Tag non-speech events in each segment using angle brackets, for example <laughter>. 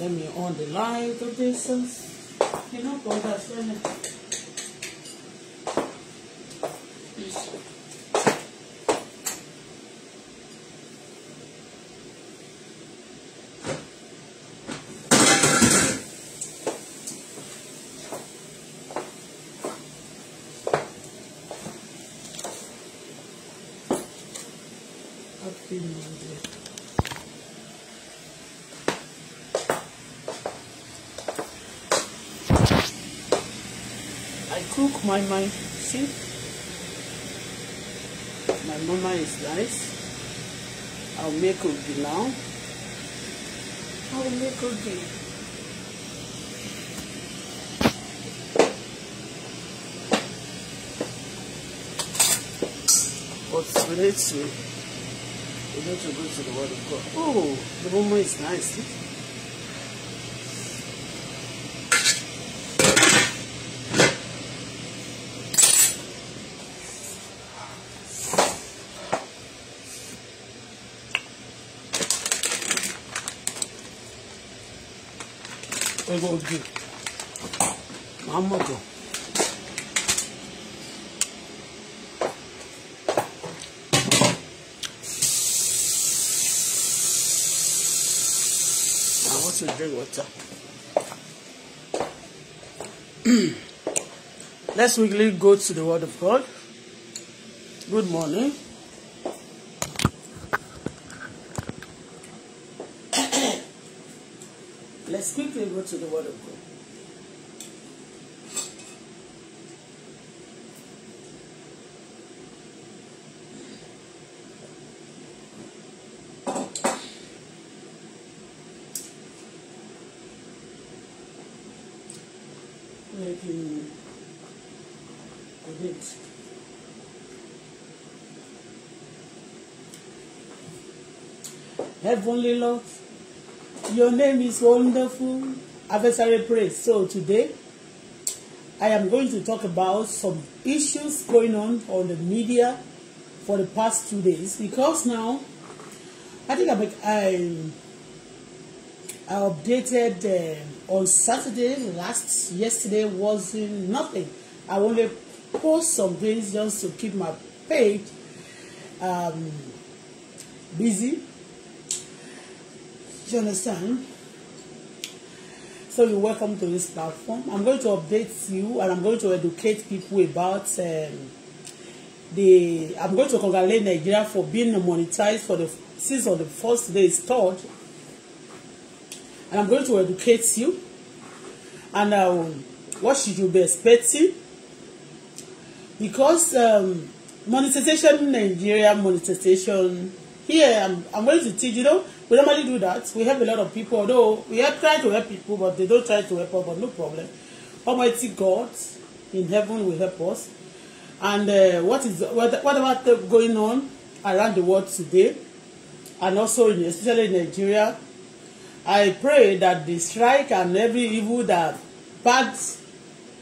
Let me on the light of this. Uh, you know, God has done it. cook my my see my mama is nice I'll make ogi now I'll make ogi but we need to we need to go to the word of God oh the mama is nice see? egbò ojú màá mọ̀gàn. I want to drink water. <clears throat> Let's quickly go to the Word of God. Good morning. you to the Word of God. Heavenly Lord. Your name is wonderful. Adversary praise. So today, I am going to talk about some issues going on on the media for the past two days because now I think I I, I updated uh, on Saturday last yesterday was nothing. I only post some things just to keep my page um, busy You understand? So you're welcome to this platform. I'm going to update you and I'm going to educate people about um, the... I'm going to congratulate Nigeria for being monetized for the since on the first day is third. And I'm going to educate you. And um, what should you be expecting? Because um, monetization Nigeria, monetization here, I'm, I'm going to teach you, know, We normally do that. We help a lot of people, although we are trying to help people, but they don't try to help us, but no problem. Almighty God in heaven will help us. And uh, what is whatever going on around the world today, and also in, especially in Nigeria, I pray that the strike and every evil that bad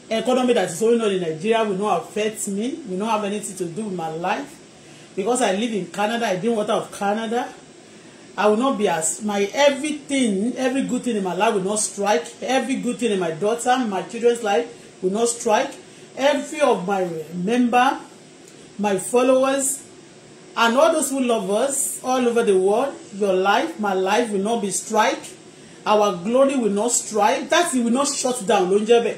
economy that is going on in Nigeria will not affect me, will not have anything to do with my life. Because I live in Canada, I drink water of Canada. I will not be as my everything, every good thing in my life will not strike. Every good thing in my daughter, my children's life will not strike. Every of my member, my followers, and all those who love us all over the world, your life, my life will not be strike. Our glory will not strike. That will not shut down. Ló ń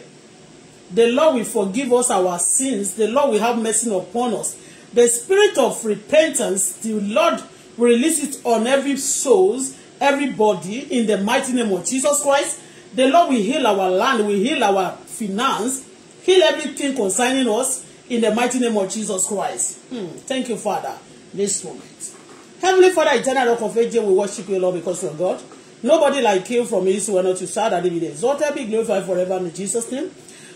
The Lord will forgive us our sins. The Lord will have mercy upon us. The spirit of repentance, the Lord We release it on every souls, everybody in the mighty name of Jesus Christ. The Lord will heal our land, will heal our finance, heal everything concerning us in the mighty name of Jesus Christ. Hmm. Thank you, Father, this moment. Heavenly Father, eternal rock of ages, we worship you, Lord, because you are God. Nobody like you from Israel, so not to shout at the be exalted, be glorified forever in Jesus' name.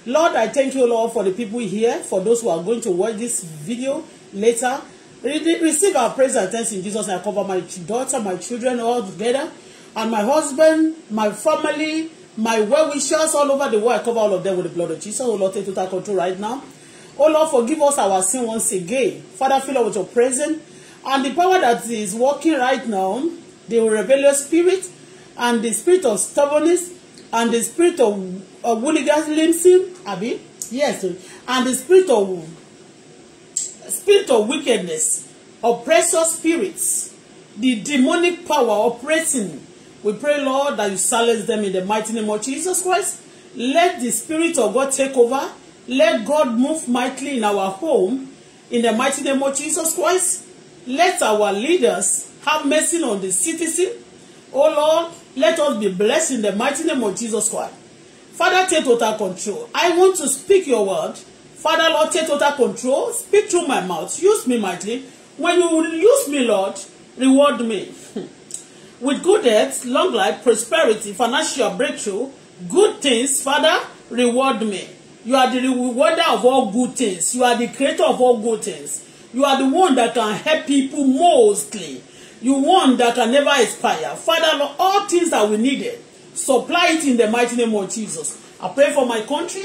Lord, I thank you, Lord, for the people here, for those who are going to watch this video later. Receive our praise and thanks in Jesus. I cover my daughter, my children all together, and my husband, my family, my well-wishers all over the world. I cover all of them with the blood of Jesus. Oh Lord, take total control right now. Oh Lord, forgive us our sin once again. Father, fill us with your presence. And the power that is working right now, the rebellious spirit, and the spirit of stubbornness, and the spirit of, of hooliganism, abi? Yes, and the spirit of spirit of wickedness, oppressor spirits, the demonic power operating. We pray, Lord, that you silence them in the mighty name of Jesus Christ. Let the Spirit of God take over. Let God move mightily in our home in the mighty name of Jesus Christ. Let our leaders have mercy on the citizen. Oh Lord, let us be blessed in the mighty name of Jesus Christ. Father, take total control. I want to speak your word Father, Lord, take total control. Speak through my mouth. Use me mightily. When you use me, Lord, reward me <laughs> with good health, long life, prosperity, financial breakthrough, good things. Father, reward me. You are the rewarder of all good things. You are the creator of all good things. You are the one that can help people mostly. You one that can never expire. Father, Lord, all things that we needed, supply it in the mighty name of Jesus. I pray for my country.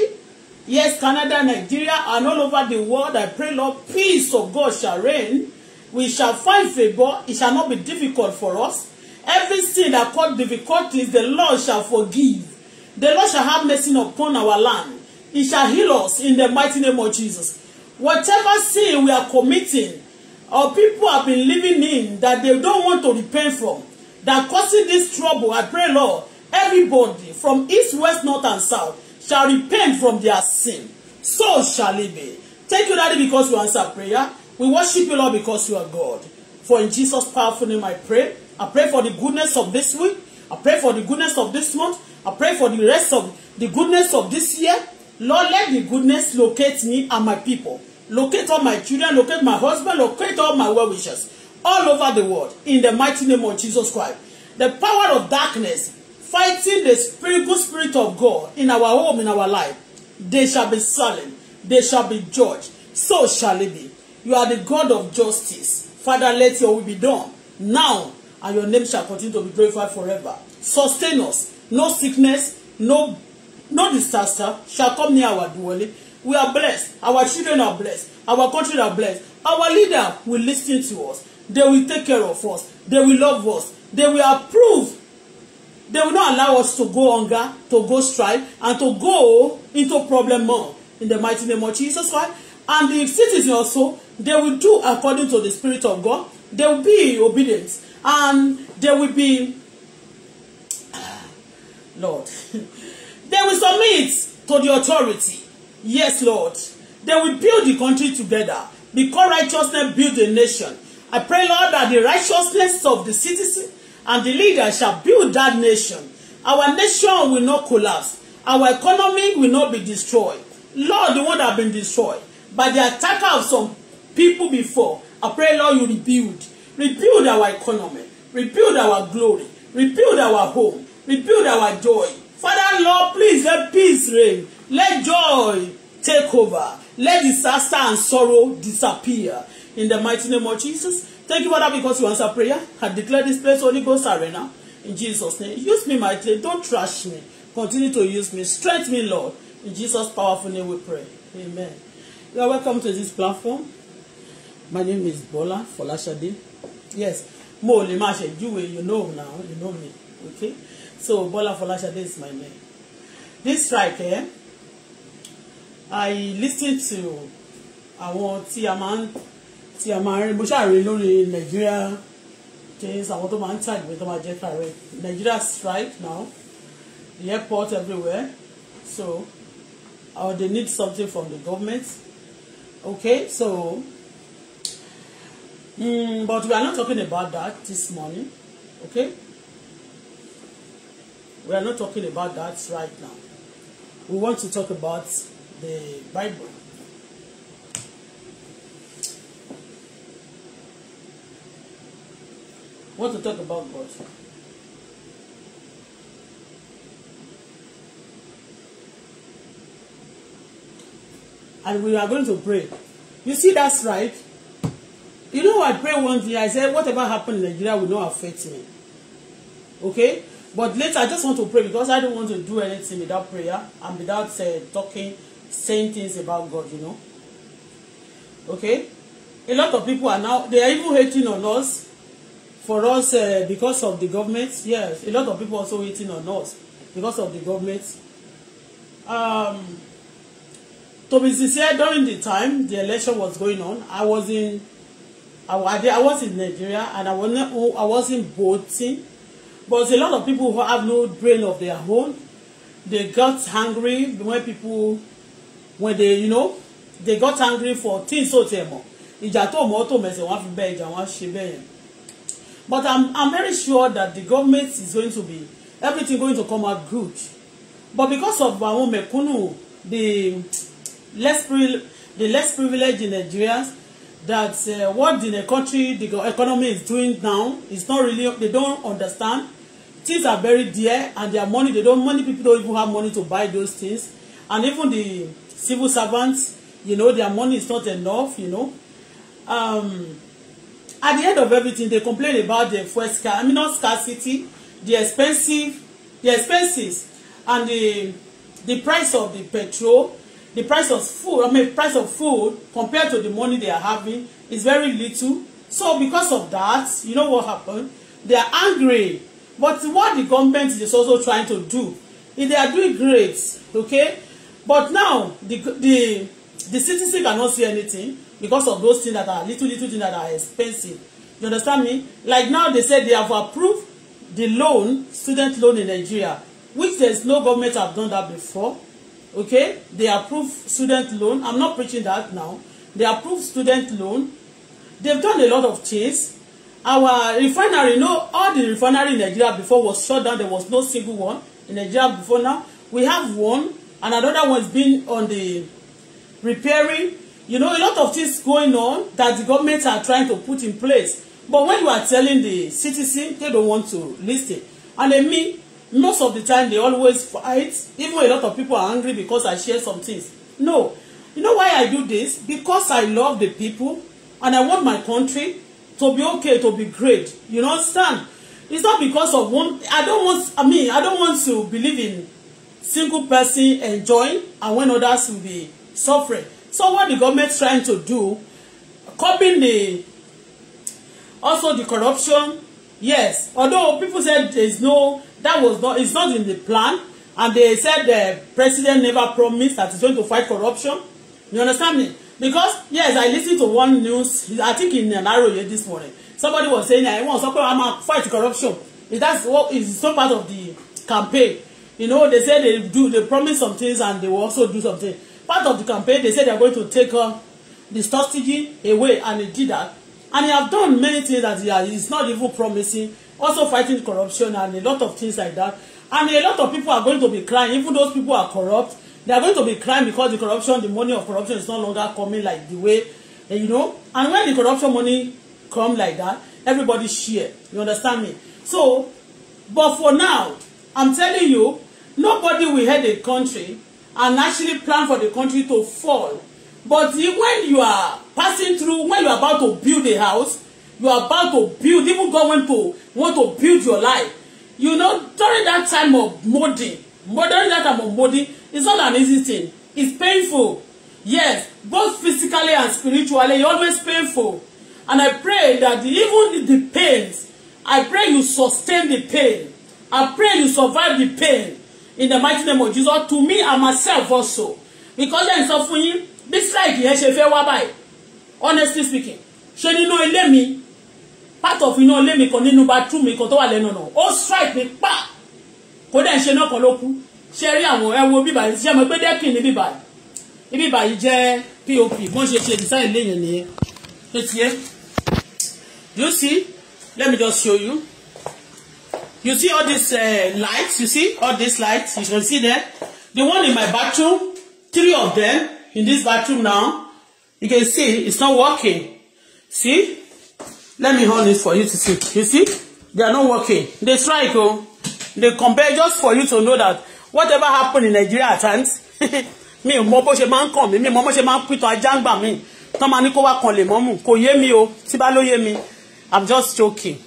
Yes, Canada, Nigeria, and all over the world, I pray, Lord, peace of God shall reign. We shall find favor. It shall not be difficult for us. Every sin that cause difficulties, the Lord shall forgive. The Lord shall have mercy upon our land. He shall heal us in the mighty name of Jesus. Whatever sin we are committing, our people have been living in that they don't want to repent from, that causing this trouble, I pray, Lord, everybody from east, west, north, and south, shall repent from their sin. So shall it be. Thank you, Daddy, because you answer prayer. We worship you, Lord, because you are God. For in Jesus' powerful name I pray. I pray for the goodness of this week. I pray for the goodness of this month. I pray for the rest of the goodness of this year. Lord, let the goodness locate me and my people. Locate all my children, locate my husband, locate all my well-wishers all over the world in the mighty name of Jesus Christ. The power of darkness fighting the spirit, good spirit of God in our home, in our life, they shall be silent. They shall be judged. So shall it be. You are the God of justice. Father, let your will be done now, and your name shall continue to be glorified forever. Sustain us. No sickness, no, no disaster shall come near our dwelling. We are blessed. Our children are blessed. Our country are blessed. Our leader will listen to us. They will take care of us. They will love us. They will approve They will not allow us to go hunger, to go strife, and to go into problem more. In the mighty name of Jesus Christ. And the citizens also, they will do according to the Spirit of God. They will be obedient. And they will be, <sighs> Lord, <laughs> they will submit to the authority. Yes, Lord. They will build the country together because righteousness builds a nation. I pray, Lord, that the righteousness of the citizens and the leader shall build that nation. Our nation will not collapse. Our economy will not be destroyed. Lord, the one that have been destroyed by the attack of some people before, I pray, Lord, you rebuild. Rebuild our economy. Rebuild our glory. Rebuild our home. Rebuild our joy. Father, Lord, please let peace reign. Let joy take over. Let disaster and sorrow disappear. In the mighty name of Jesus, Thank you, Father, because you answer prayer. I declare this place Holy Ghost arena. In Jesus' name, use me mightily. Don't trash me. Continue to use me. Strengthen me, Lord. In Jesus' powerful name we pray. Amen. You are welcome to this platform. My name is Bola Folashade. Yes, Moli le ma you know now, you know me. Okay? So Bola Folashade is my name. This strike, eh? I listen to I want see a man tí a máa rí mo ṣàrí lórí nàìjíríà things àwọn tó máa ń tà ìwé tó máa jẹ́ kàrẹ́ nàìjíríà strike now the airport everywhere so or they need something from the government okay so mm, but we are not talking about that this morning okay we are not talking about that right now we want to talk about the Bible want to talk about God. And we are going to pray. You see that's right. You know, I pray one day, I said, whatever happened in Nigeria will not affect me. Okay? But later, I just want to pray because I don't want to do anything without prayer and without uh, talking, saying things about God, you know? Okay? A lot of people are now, they are even hating on us for us uh, because of the government yes a lot of people also waiting on us because of the government um, to be sincere during the time the election was going on I was in I, I was in Nigeria and I was not I wasn't voting but a lot of people who have no brain of their own they got angry when people when they you know they got angry for things so tẹ̀ mọ̀ ìjà tó mọ̀ tó mẹsẹ̀ wọ́n á fi bẹ́ẹ̀ ìjà wọ́n á ṣe bẹ́ẹ̀ But I'm, I'm very sure that the government is going to be, everything going to come out good. But because of àwọn mẹ̀kúnnù, the less the less privileged in Nigerians, that uh, what in the country the economy is doing now is not really they don't understand things are very dear and their money they don't money people don't even have money to buy those things and even the civil servants you know their money is not enough you know um at the end of everything they complain about the fuel scarcity I mean not scarcity the expensive the expenses and the the price of the petrol the price of food I mean price of food compared to the money they are having is very little so because of that you know what happened they are angry but what the government is also trying to do is they are doing great okay but now the the the citizen cannot see anything because of those things that are little little things that are expensive you understand me like now they say they have approved the loan student loan in Nigeria which there is no government have done that before okay they approve student loan I'm not preaching that now they approve student loan they've done a lot of things our refinery you know all the refinery in Nigeria before was shut down there was no single one in Nigeria before now we have one and another one's been on the repairing You know, a lot of things going on that the government are trying to put in place. But when you are telling the citizen, they don't want to listen. And I mean, most of the time they always fight. Even a lot of people are angry because I share some things. No. You know why I do this? Because I love the people and I want my country to be okay, to be great. You understand? It's not because of one. I don't want. I mean, I don't want to believe in single person enjoying and when others will be suffering. So what the government trying to do, copying the, also the corruption, yes. Although people said there's no, that was not, it's not in the plan. And they said the president never promised that he's going to fight corruption. You understand me? Because, yes, I listened to one news, I think in Nairobi this morning. Somebody was saying, I want to I'm fight corruption. If that's what is so part of the campaign. You know, they say they do, they promise some things and they will also do something part of the campaign they say they are going to take uh, the subsidy away and they did that and he have done many things that he has it's not even promising also fighting corruption and a lot of things like that and a lot of people are going to be crying even those people are corrupt they are going to be crying because the corruption the money of corruption is no longer coming like the way you know and when the corruption money come like that everybody share you understand me so but for now i'm telling you nobody will head a country and actually plan for the country to fall. But when you are passing through, when you are about to build a house, you are about to build, even God want to want to build your life. You know, during that time of molding, during that time of molding, it's not an easy thing. It's painful. Yes, both physically and spiritually, it's always painful. And I pray that even the pains, I pray you sustain the pain. I pray you survive the pain in the mighty name of Jesus to me and myself also because ẹ̀ ń sọ fún yín bí strike yẹn ṣe fẹ́ honestly speaking ṣe know, let me. part of inú ilé mi kan nínú bathroom mi kan tó wà lẹ́nu ọ̀nà ó strike mi pa kó dẹ̀ ń ṣe náà kan ló kú ṣe rí àwọn ẹwo bíbà yìí ṣe be by. dẹ́kìn ní bíbà yìí bíbà yìí jẹ́ pop bọ́n ṣe ṣe design you see let me just show you. You see all these uh, lights? You see all these lights? You can see there. The one in my bathroom, three of them in this bathroom now. You can see it's not working. See? Let me hold this for you to see. You see? They are not working. They strike, oh. They compare just for you to know that whatever happened in Nigeria at times, <laughs> mi ò mọ bó ṣe máa ń kàn mí, mi ò mọ bó ṣe máa ń pìtàn ajáǹgbà mi. Tán máa ní mi o, oh. tí bá ló yé mi. I'm just joking.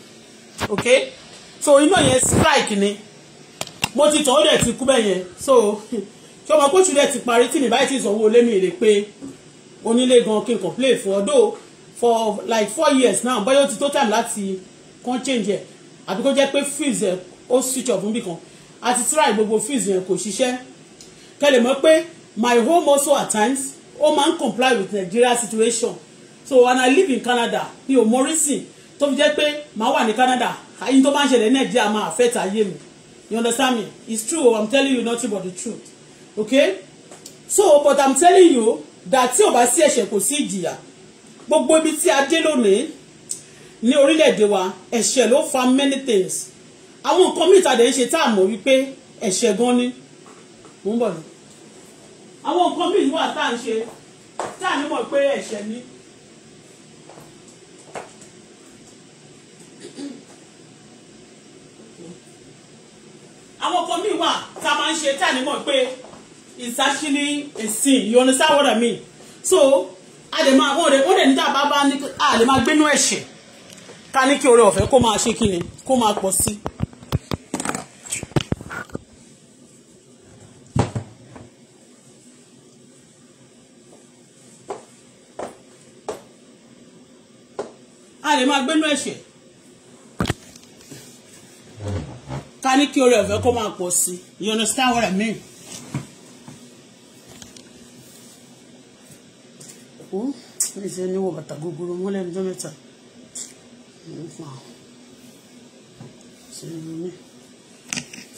Okay? so iná yẹn strike ni mo ti tàn ó dẹ̀ ti kú bẹ́ẹ̀ so kí ọmọ kóṣù dẹ̀ ti parí tí mi báyìí ti sanwó lé mi rè pé onílé gan kí n complain fún ọdún for like four years now bóyá ó ti tó time láti kàn change ẹ̀ àbí kó jẹ́ pé fees, ẹ̀ ó switch off níbì kan àti try gbogbo fuse yẹn kò ṣiṣẹ́ kẹlẹ̀ mọ́ pé my home also at times ó máa ń comply with Nigeria situation so and I live in Canada mi ò mọ orí sìn tó fi jẹ́ pé màá wà ní Canada ayé tó bá ń ṣẹlẹ̀ ní nàìjíríà máa affect ayé mi you understand me it's true i'm telling you nothing but the truth okay so but i'm telling you that tí ò bá sí ẹ̀ṣẹ̀ kò sí ìjìyà gbogbo ibi tí a dé lónìí ní orílẹ̀-èdè wa ẹ̀ṣẹ̀ ló fa many things àwọn nǹkan míì tàdé ń ṣe tá a mọ̀ wípé ẹ̀ṣẹ̀ gan ni mò ń bọ̀ ni àwọn nǹkan míì wà tá à ń ṣe tá à ní mọ̀ pé ẹ̀ṣẹ̀ ni àwọn kan míì wà tá a máa ń ṣe tá a ní mọ̀ pé it's actually a sin you understand what I mean so a lè máa wọ́n rẹ̀ wọ́n rẹ̀ níta bá bá ní a lè máa gbénú ẹ̀ṣẹ̀ ká ní kí oore ọ̀fẹ́ kó máa ṣe kí ni kó máa pọ̀ sí. a lè máa gbénú ẹ̀ṣẹ̀. ká ní kí oore ọ̀fẹ́ kó máa pọ̀ sí you understand what I mean. ó lè ṣe ní bàtà gogoro wọn lẹ́nu mẹ́ta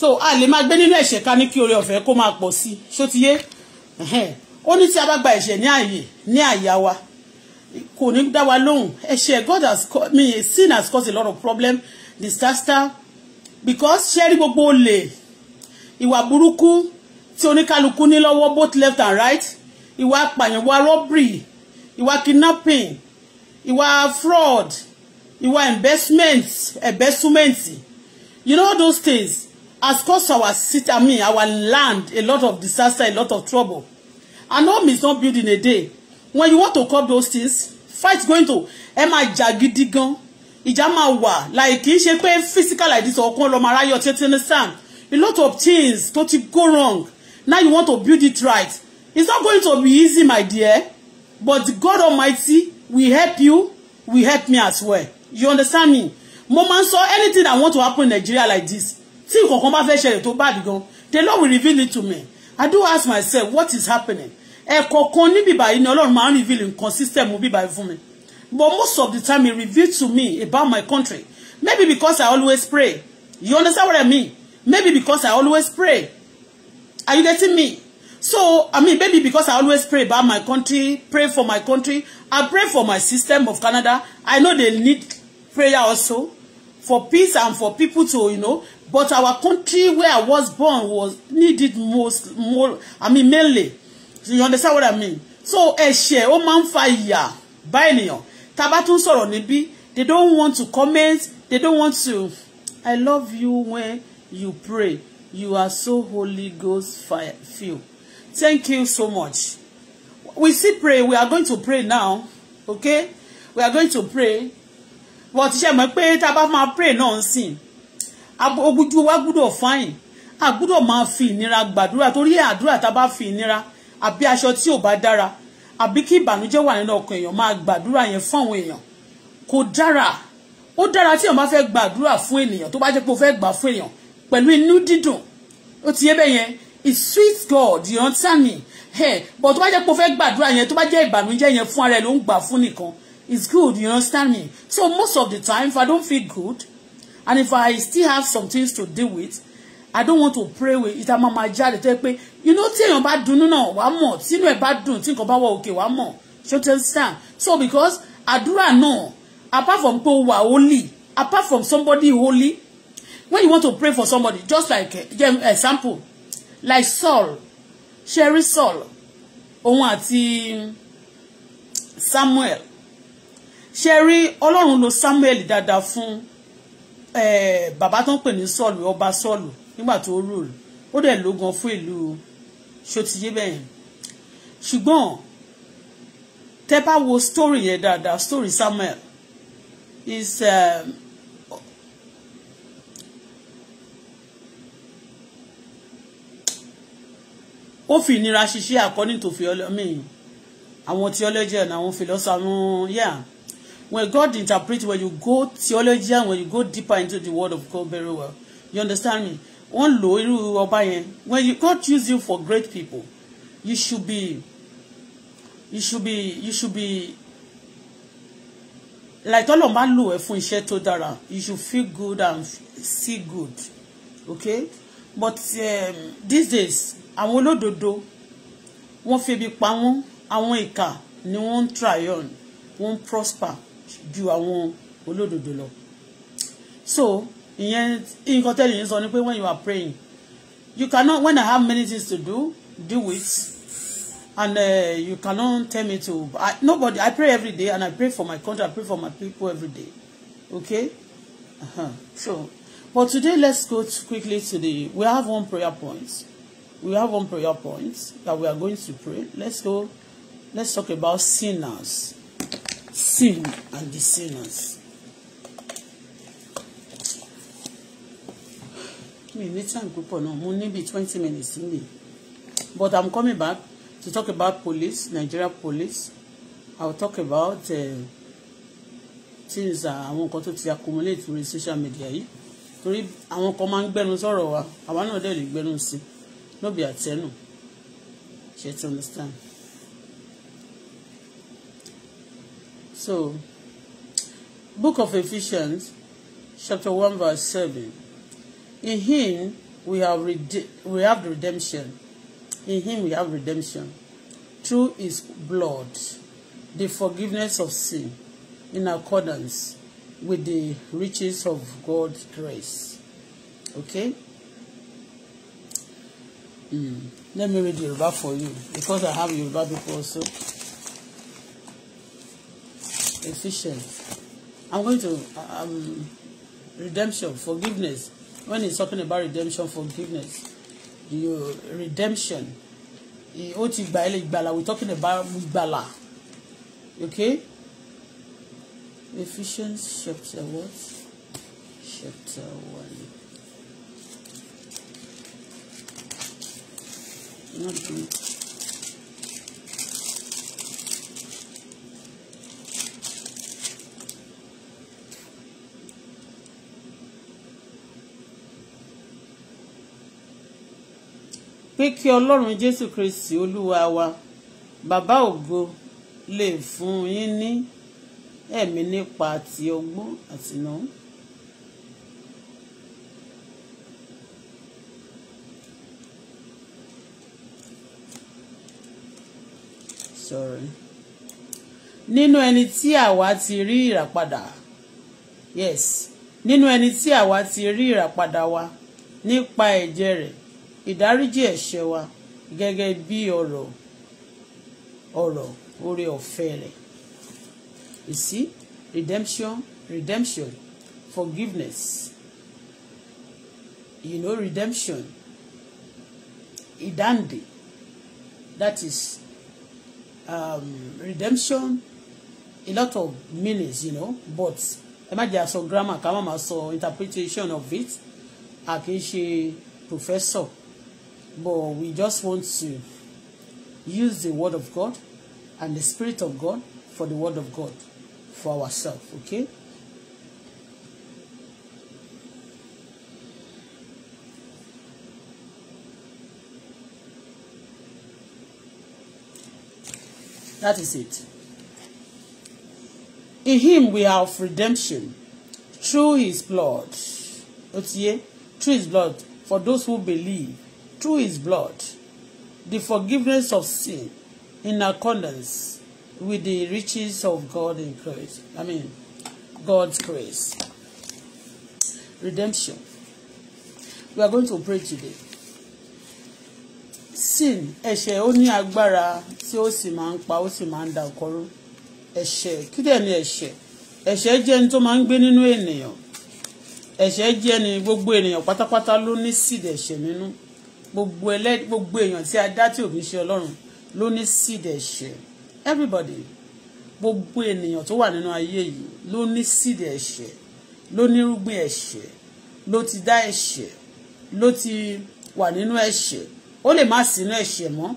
so a lè máa gbé nínú ẹ̀ṣẹ̀ ká ní kí oore ọ̀fẹ́ kó máa pọ̀ sí ṣó ti yé ó ní tí a bá gba ẹ̀ṣẹ̀ ní àyè ní àyà wa kò ní dá wa lóhùn ẹ̀ṣẹ̀ God has me sin has caused a lot of problem disaster because ṣẹ́rí gbogbo olè ìwà burúkú tí oníkálukú ní lọ́wọ́ both left and right ìwà apàyàn ìwà robbery ìwà kidnapping ìwà fraud ìwà investment investment you know those things has caused our city i mean our land a lot of disaster a lot of trouble and home is not built in a day when you want to curb those things fight going to ẹ máa jà gidi gan ìjà máa wà like kì ṣe pé physical like this ọ̀kan lọ́mọ aráyọ̀ tí ó ti understand a lot of things tó ti go wrong now you want to build it right it's not going to be easy my dear but God Almighty will help you will help me as well you understand me mo máa ń sọ anything that want to happen in Nigeria like this tí nǹkankan bá fẹ́ ṣẹlẹ̀ tó bad gan the Lord will reveal it to me I do ask myself what is happening ẹ̀kọ̀ọ̀kan níbí báyìí ni Ọlọ́run máa ń reveal nǹkan system bíbáyìí fún mi. But most of the time, he revealed to me about my country. Maybe because I always pray. You understand what I mean? Maybe because I always pray. Are you getting me? So, I mean, maybe because I always pray about my country, pray for my country. I pray for my system of Canada. I know they need prayer also for peace and for people to, you know, but our country where I was born was needed most, more, I mean, mainly. So you understand what I mean? So, eh share máa man fire ìyà bá ènìyàn tá bá tún sọ̀rọ̀ níbí they don't want to comment they don't want to i love you when you pray you are so Holy Ghost Feel. thank you so much we still pray we are going to pray now okay we are going to pray But ti ṣe mọ̀ pé tá máa pray náà ń sìn wa gbúdọ̀ fine. a gbúdọ̀ máa fi ìnira gbàdúrà torí àdúrà tá fi ìnira àbí aṣọ tí ò bá dára àbí kí ìbànújẹ́ wà nínú ọkàn èèyàn máa gbàdúrà yẹn fún àwọn èèyàn kò dára ó dára tí èèyàn bá fẹ́ gbàdúrà fún ènìyàn tó bá jẹ́ pé ó fẹ́ gbà fún èèyàn pẹ̀lú inú dídùn ó ti yé bẹ́ẹ̀ yẹn it sweet God you understand me hey, but tó bá jẹ́ pé ó fẹ́ gbàdúrà yẹn tó bá jẹ́ ìbànújẹ́ yẹn fún ara ẹ̀ ló ń gbà fún nìkan it's good you understand me so most of the time if I don't feel good and if I still have some things to deal with I don't want to pray with ìta máa máa jáde to yẹ pé you know tí èèyàn bá dunnú náà wàá mọ̀ tínú ẹ̀ bá dùn tí nǹkan bá wà òkè wàá mọ̀ understand so because àdúrà náà apart from pé o holy apart from somebody holy when you want to pray for somebody just like uh, example like Saul sherry Saul òun àti Samuel sherry Ọlọ́run lò Samuel dáadáa fún eh, bàbá tó ń pè ní Saul ọba Saul nígbà tó rule ó dẹ̀ ló gan fún ìlú ṣòtìyé bẹ́ẹ̀ ṣùgbọ́n tẹ́ bá wo story yẹn dáadáa story Samuel is um, ó fi ìnira ṣiṣẹ́ according to theology àwọn theology and àwọn philosophy yeah when God interprets, when you go theology and when you go deeper into the word of God very well you understand me wọ́n lò irú ọba yẹn when you God use you for great people you should be you should be you should be like tọ́lọ̀ bá lò ẹ́ fún iṣẹ́ tó dára you should feel good and see good okay but um, these days àwọn olódodo wọ́n fi ebi pa wọ́n àwọn ìkà ni wọ́n ń tryon wọ́n ń prosper ju àwọn olódodo lọ so ìyẹn nǹkan tẹ́lẹ̀ yín sọ ni pé when you are praying you cannot when I have many things to do do with and uh, you cannot tell me to I, nobody I pray every day and I pray for my country I pray for my people every day okay uh-huh. so but today let's go to quickly to the we have one prayer point we have one prayer point that we are going to pray let's go let's talk about sinners sin and the sinners mi ní time púpọ̀ náà mo ní be twenty minutes in there, but i'm coming back to talk about police Nigeria police i will talk about uh, things eh, àwọn nǹkan tó ti accumulate lórí social media yìí torí àwọn kan máa ń gbẹnu sọ̀rọ̀ wa àwa náà dẹ̀ lè gbẹnu sí no be àtẹnu ṣe to understand so book of Ephesians chapter one verse seven. In him we have rede- we have redemption. In him we have redemption through his blood, the forgiveness of sin, in accordance with the riches of God's grace. Okay? Mm. Let me read Yoruba for you because I have Yoruba before also. Efficient. I'm going to um, redemption, forgiveness when he's talking about redemption forgiveness you redemption Oti ti gbà ilé we're talking about ìgbàlà okay Ephesians chapter what chapter one not good. pé kí ọlọ́run jésù kristi olúwa wa bàbá ògo lè fún yín ní ẹ̀mí nípa ti ọgbọ́n àtinú. sorry nínú ẹni tí àwa ti rí ìràpadà yes nínú ẹni tí àwa ti rí ìràpadà wa nípa ẹ̀jẹ̀ rẹ̀ ìdáríjì ẹ̀ṣẹ̀ wa gẹ́gẹ́ bí ọ̀rọ̀ ọ̀rọ̀ oore ọ̀fẹ́ rẹ̀ you see redemption redemption forgiveness you know redemption ìdáǹdè that is um, redemption a lot of meanings you know but ẹ má jẹ́ àsọ grammar ká má má sọ interpretation of it àkìí ṣe professor but we just want to use the word of God and the spirit of God for the word of God for ourselves okay that is it in him we have redemption through his blood otiye through his blood for those who believe through his blood the forgiveness of sin in accordance with the riches of God in Christ. I mean, God's grace. Redemption. We are going to pray today. Sin, ẹ̀ṣẹ̀ ó ní agbára tí ó sì máa ń pa ó sì máa ń da ọkọrú. Ẹ̀ṣẹ̀ kí dẹ̀ ni ẹ̀ṣẹ̀? Ẹ̀ṣẹ̀ jẹ́ ẹni tó máa ń gbé nínú ènìyàn. Ẹ̀ṣẹ̀ jẹ́ ni gbogbo ènìyàn pátápátá ló ní sídẹ̀ ẹ̀ṣẹ̀ nínú gbogbo èèyàn tí a dá tí òbí ṣe ọlọ́run ló ní seed everybody gbogbo ènìyàn tó wà nínú ayé yìí ló ní seed ẹ̀ṣẹ̀ ló nírúgbìn ẹ̀ṣẹ̀ ló ti dá ẹ̀ṣẹ̀ ló ti wà nínú ẹ̀ṣẹ̀ ó lè má sínú ẹ̀ṣẹ̀ mọ́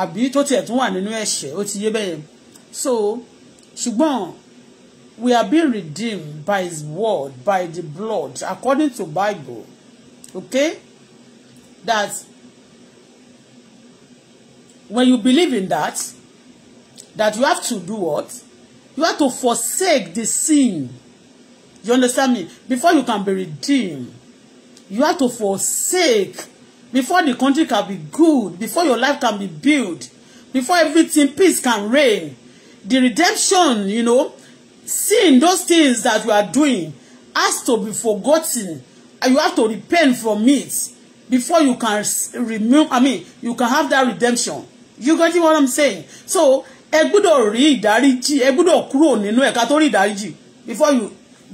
àbí tó tiẹ̀ tún wà nínú ẹ̀ṣẹ̀ ó ti yé bẹ́yẹn so ṣùgbọ́n we are being redeemed by his word by the blood according to Bible okay that when you believe in that, that you have to do what? You have to forsake the sin. You understand me? Before you can be redeemed, you have to forsake. Before the country can be good, before your life can be built, before everything, peace can reign. The redemption, you know, sin, those things that you are doing, has to be forgotten. And you have to repent from it before you can remove i mean you can have that redemption you get what i'm saying so ẹ gbọ́dọ̀ rí ìdáríjì ẹ gbọ́dọ̀ kúrò nínú ẹ̀ ká tó rí ìdáríjì before you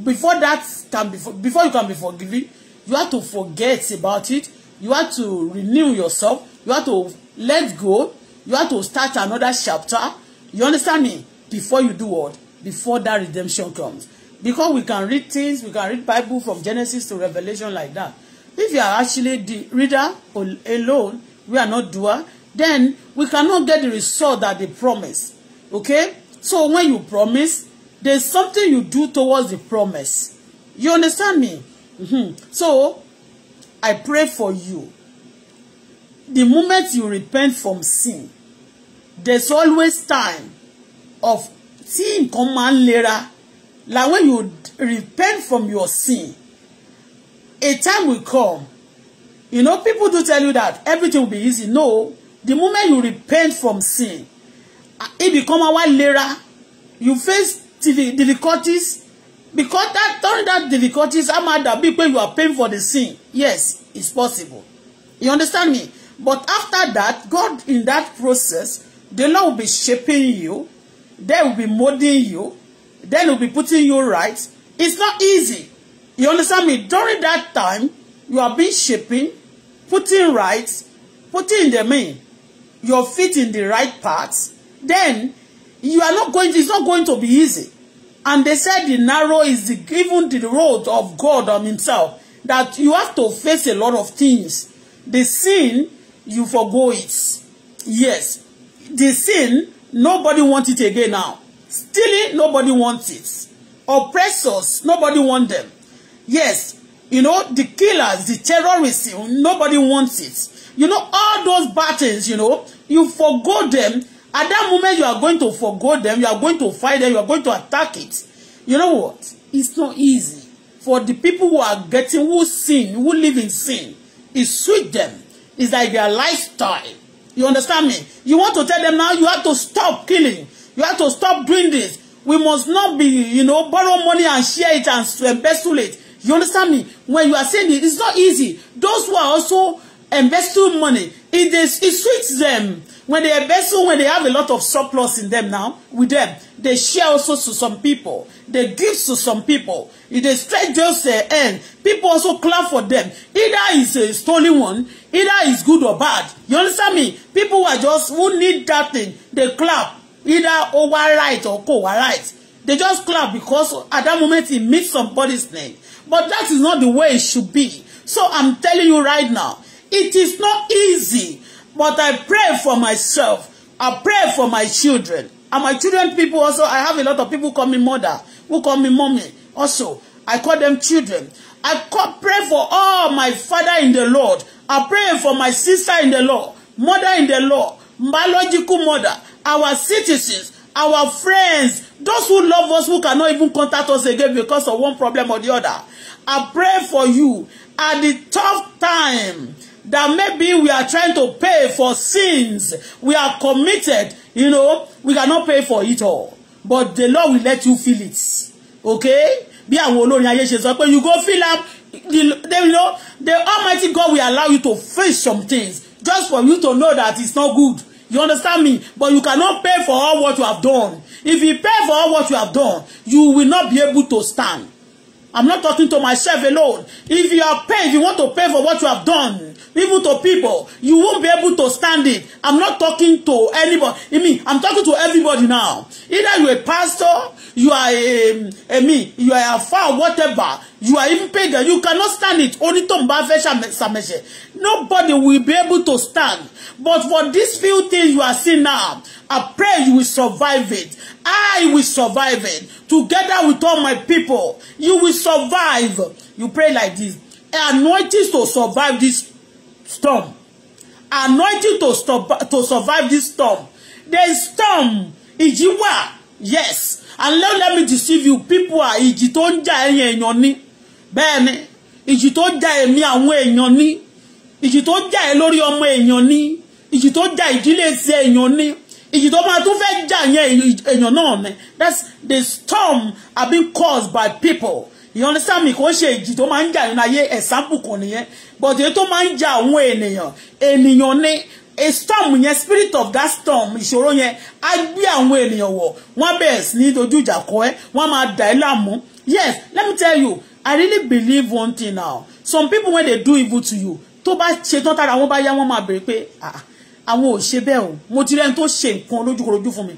before that can be before you can be forgiven you have to forget about it you have to renew yourself you have to let go you have to start another chapter you understand me before you do what before that redemption comes because we can read things we can read Bible from Genesis to Revelation like that If you are actually the reader alone, we are not doer, then we cannot get the result that they promise. Okay? So when you promise, there's something you do towards the promise. You understand me? Mm-hmm. So, I pray for you. The moment you repent from sin, there's always time of tí nǹkan máa ń like when you repent from your sin a time will come you know people do tell you that everything will be easy no the moment you repent from sin it become awa lera you face difficulties because that during that difficulties amada be when you are paying for the sin yes it's possible you understand me but after that God in that process the Lord will be shaping you then will be molding you then will be putting you right it's not easy You understand me? During that time, you are being shaping, putting right, putting them in, your feet in the right parts. Then you are not going. It's not going to be easy. And they said the narrow is the, given the road of God on Himself. That you have to face a lot of things. The sin, you forgo it. Yes, the sin nobody wants it again now. Stealing, nobody wants it. Oppressors, nobody wants them. Yes, you know, the killers, the terrorists, nobody wants it. You know, all those battles, you know, you forgo them. At that moment, you are going to forgo them. You are going to fight them. You are going to attack it. You know what? It's not easy. For the people who are getting, who sin, who live in sin, it sweet them. It's like their lifestyle. You understand me? You want to tell them now, you have to stop killing. You have to stop doing this. We must not be, you know, borrow money and share it and embezzle it You understand me? When you are saying it, it's not easy. Those who are also investing money, it, is, it suits them. When they invest, when they have a lot of surplus in them now, with them, they share also to some people. They give to some people. If they stretch just their end, people also clap for them. Either it's a stolen one, either it's good or bad. You understand me? People who are just, who need that thing, they clap. Either over right or go right They just clap because at that moment it meets somebody's name. But that is not the way it should be. So I'm telling you right now, it is not easy. But I pray for myself. I pray for my children. And my children people also, I have a lot of people call me mother, who call me mommy also. I call them children. I call, pray for all my father in the Lord. I pray for my sister in the Lord, mother in the Lord, biological mother, our citizens, our friends, those who love us, who cannot even contact us again because of one problem or the other. I pray for you at the tough time that maybe we are trying to pay for sins we are committed, you know, we cannot pay for it all. But the Lord will let you feel it. Okay? Bí àwọn olórin ayé ṣe sọ pé you go feel am the, the, you know, the Almighty God will allow you to face some things just for you to know that it's not good. You understand me? But you cannot pay for all what you have done. If you pay for all what you have done, you will not be able to stand. I'm not talking to myself alone. If you are paid, you want to pay for what you have done, people to people, you won't be able to stand it. I'm not talking to anybody. I mean, I'm talking to everybody now. Either you're a pastor, you are a, a um, me, you are a far, whatever, you are even pagan, you cannot stand it. Only to Nobody will be able to stand. But for these few things you are seeing now, I pray you will survive it. I will survive it. Together with all my people, you will survive. You pray like this. Anointing to survive this storm. Anointing to, stop, to survive this storm. The storm is you. Ìjì Yes. And let, let me deceive you. People are ìjì tó ń jà ẹ̀yin èèyàn ni. Bẹ́ẹ̀ ni. Ìjì tó ń jà ẹ̀mí àwọn ni ìjì tó jà ẹ́ lórí ọmọ èèyàn ni ìjì tó jà ìdílé sí èèyàn ni ìjì tó máa tún fẹ́ jà yẹn èèyàn náà ni that's the storm have been caused by people you understand me kò ṣe ìjì tó máa ń jà nínú ayé example kan nìyẹn but èyí tó máa ń jà àwọn ènìyàn ènìyàn ni a storm yẹn spirit of that storm ìṣòro yẹn á gbé àwọn ènìyàn wọ̀ wọ́n bẹ̀rẹ̀ sí ní dojú ìjà kọ ẹ́ wọ́n máa dà ẹ́ láàmú yes let me tell you i really believe one thing now some people when they do evil to you tó bá ṣe tán tára wọn bá yá wọn máa béèrè pé ah, ah, àwọn ò ṣe bẹ́ẹ̀ o mo ti rẹ́ni tó ṣe nǹkan lójúkorojú fún mi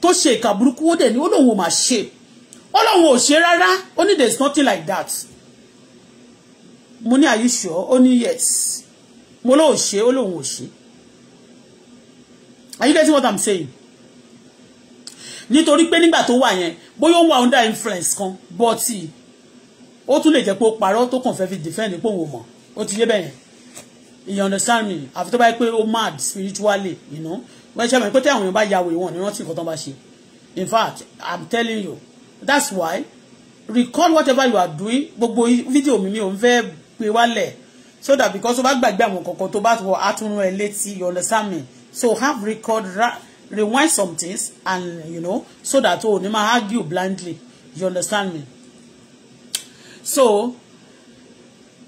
tó ṣe ìkà burúkú ó dẹ̀ ni ó lóun ò máa ṣe ó lóun ò ṣe rárá ó ní there is nothing like that mo ní are you sure ó ní yes mo lóun ò ṣe ó lóun ò ṣe are you getting what i'm saying nítorí pé nígbà tó wà yẹn bóyá ó wà under influence kan bọ́ọ̀tì ó tún lè jẹ́ pé ó parọ́ tó kàn fẹ́ fi defend pé òun ò mọ̀ ó ti yé bẹ́yẹn you understand me àfi tó bá yẹ pé mad spiritually you know When ṣe àmì pé tí àwọn èèyàn bá ya wèé wọn ni wọ́n ti nǹkan tó ń bá in fact i'm telling you that's why record whatever you are doing gbogbo fídíò mi mi ò ń fẹ́ gbé so that because o bá gbàgbé àwọn kankan tó bá wọ àtúnú ẹ létí you understand me so have record rewind some things and you know so that o ní máa argue blindly you understand me so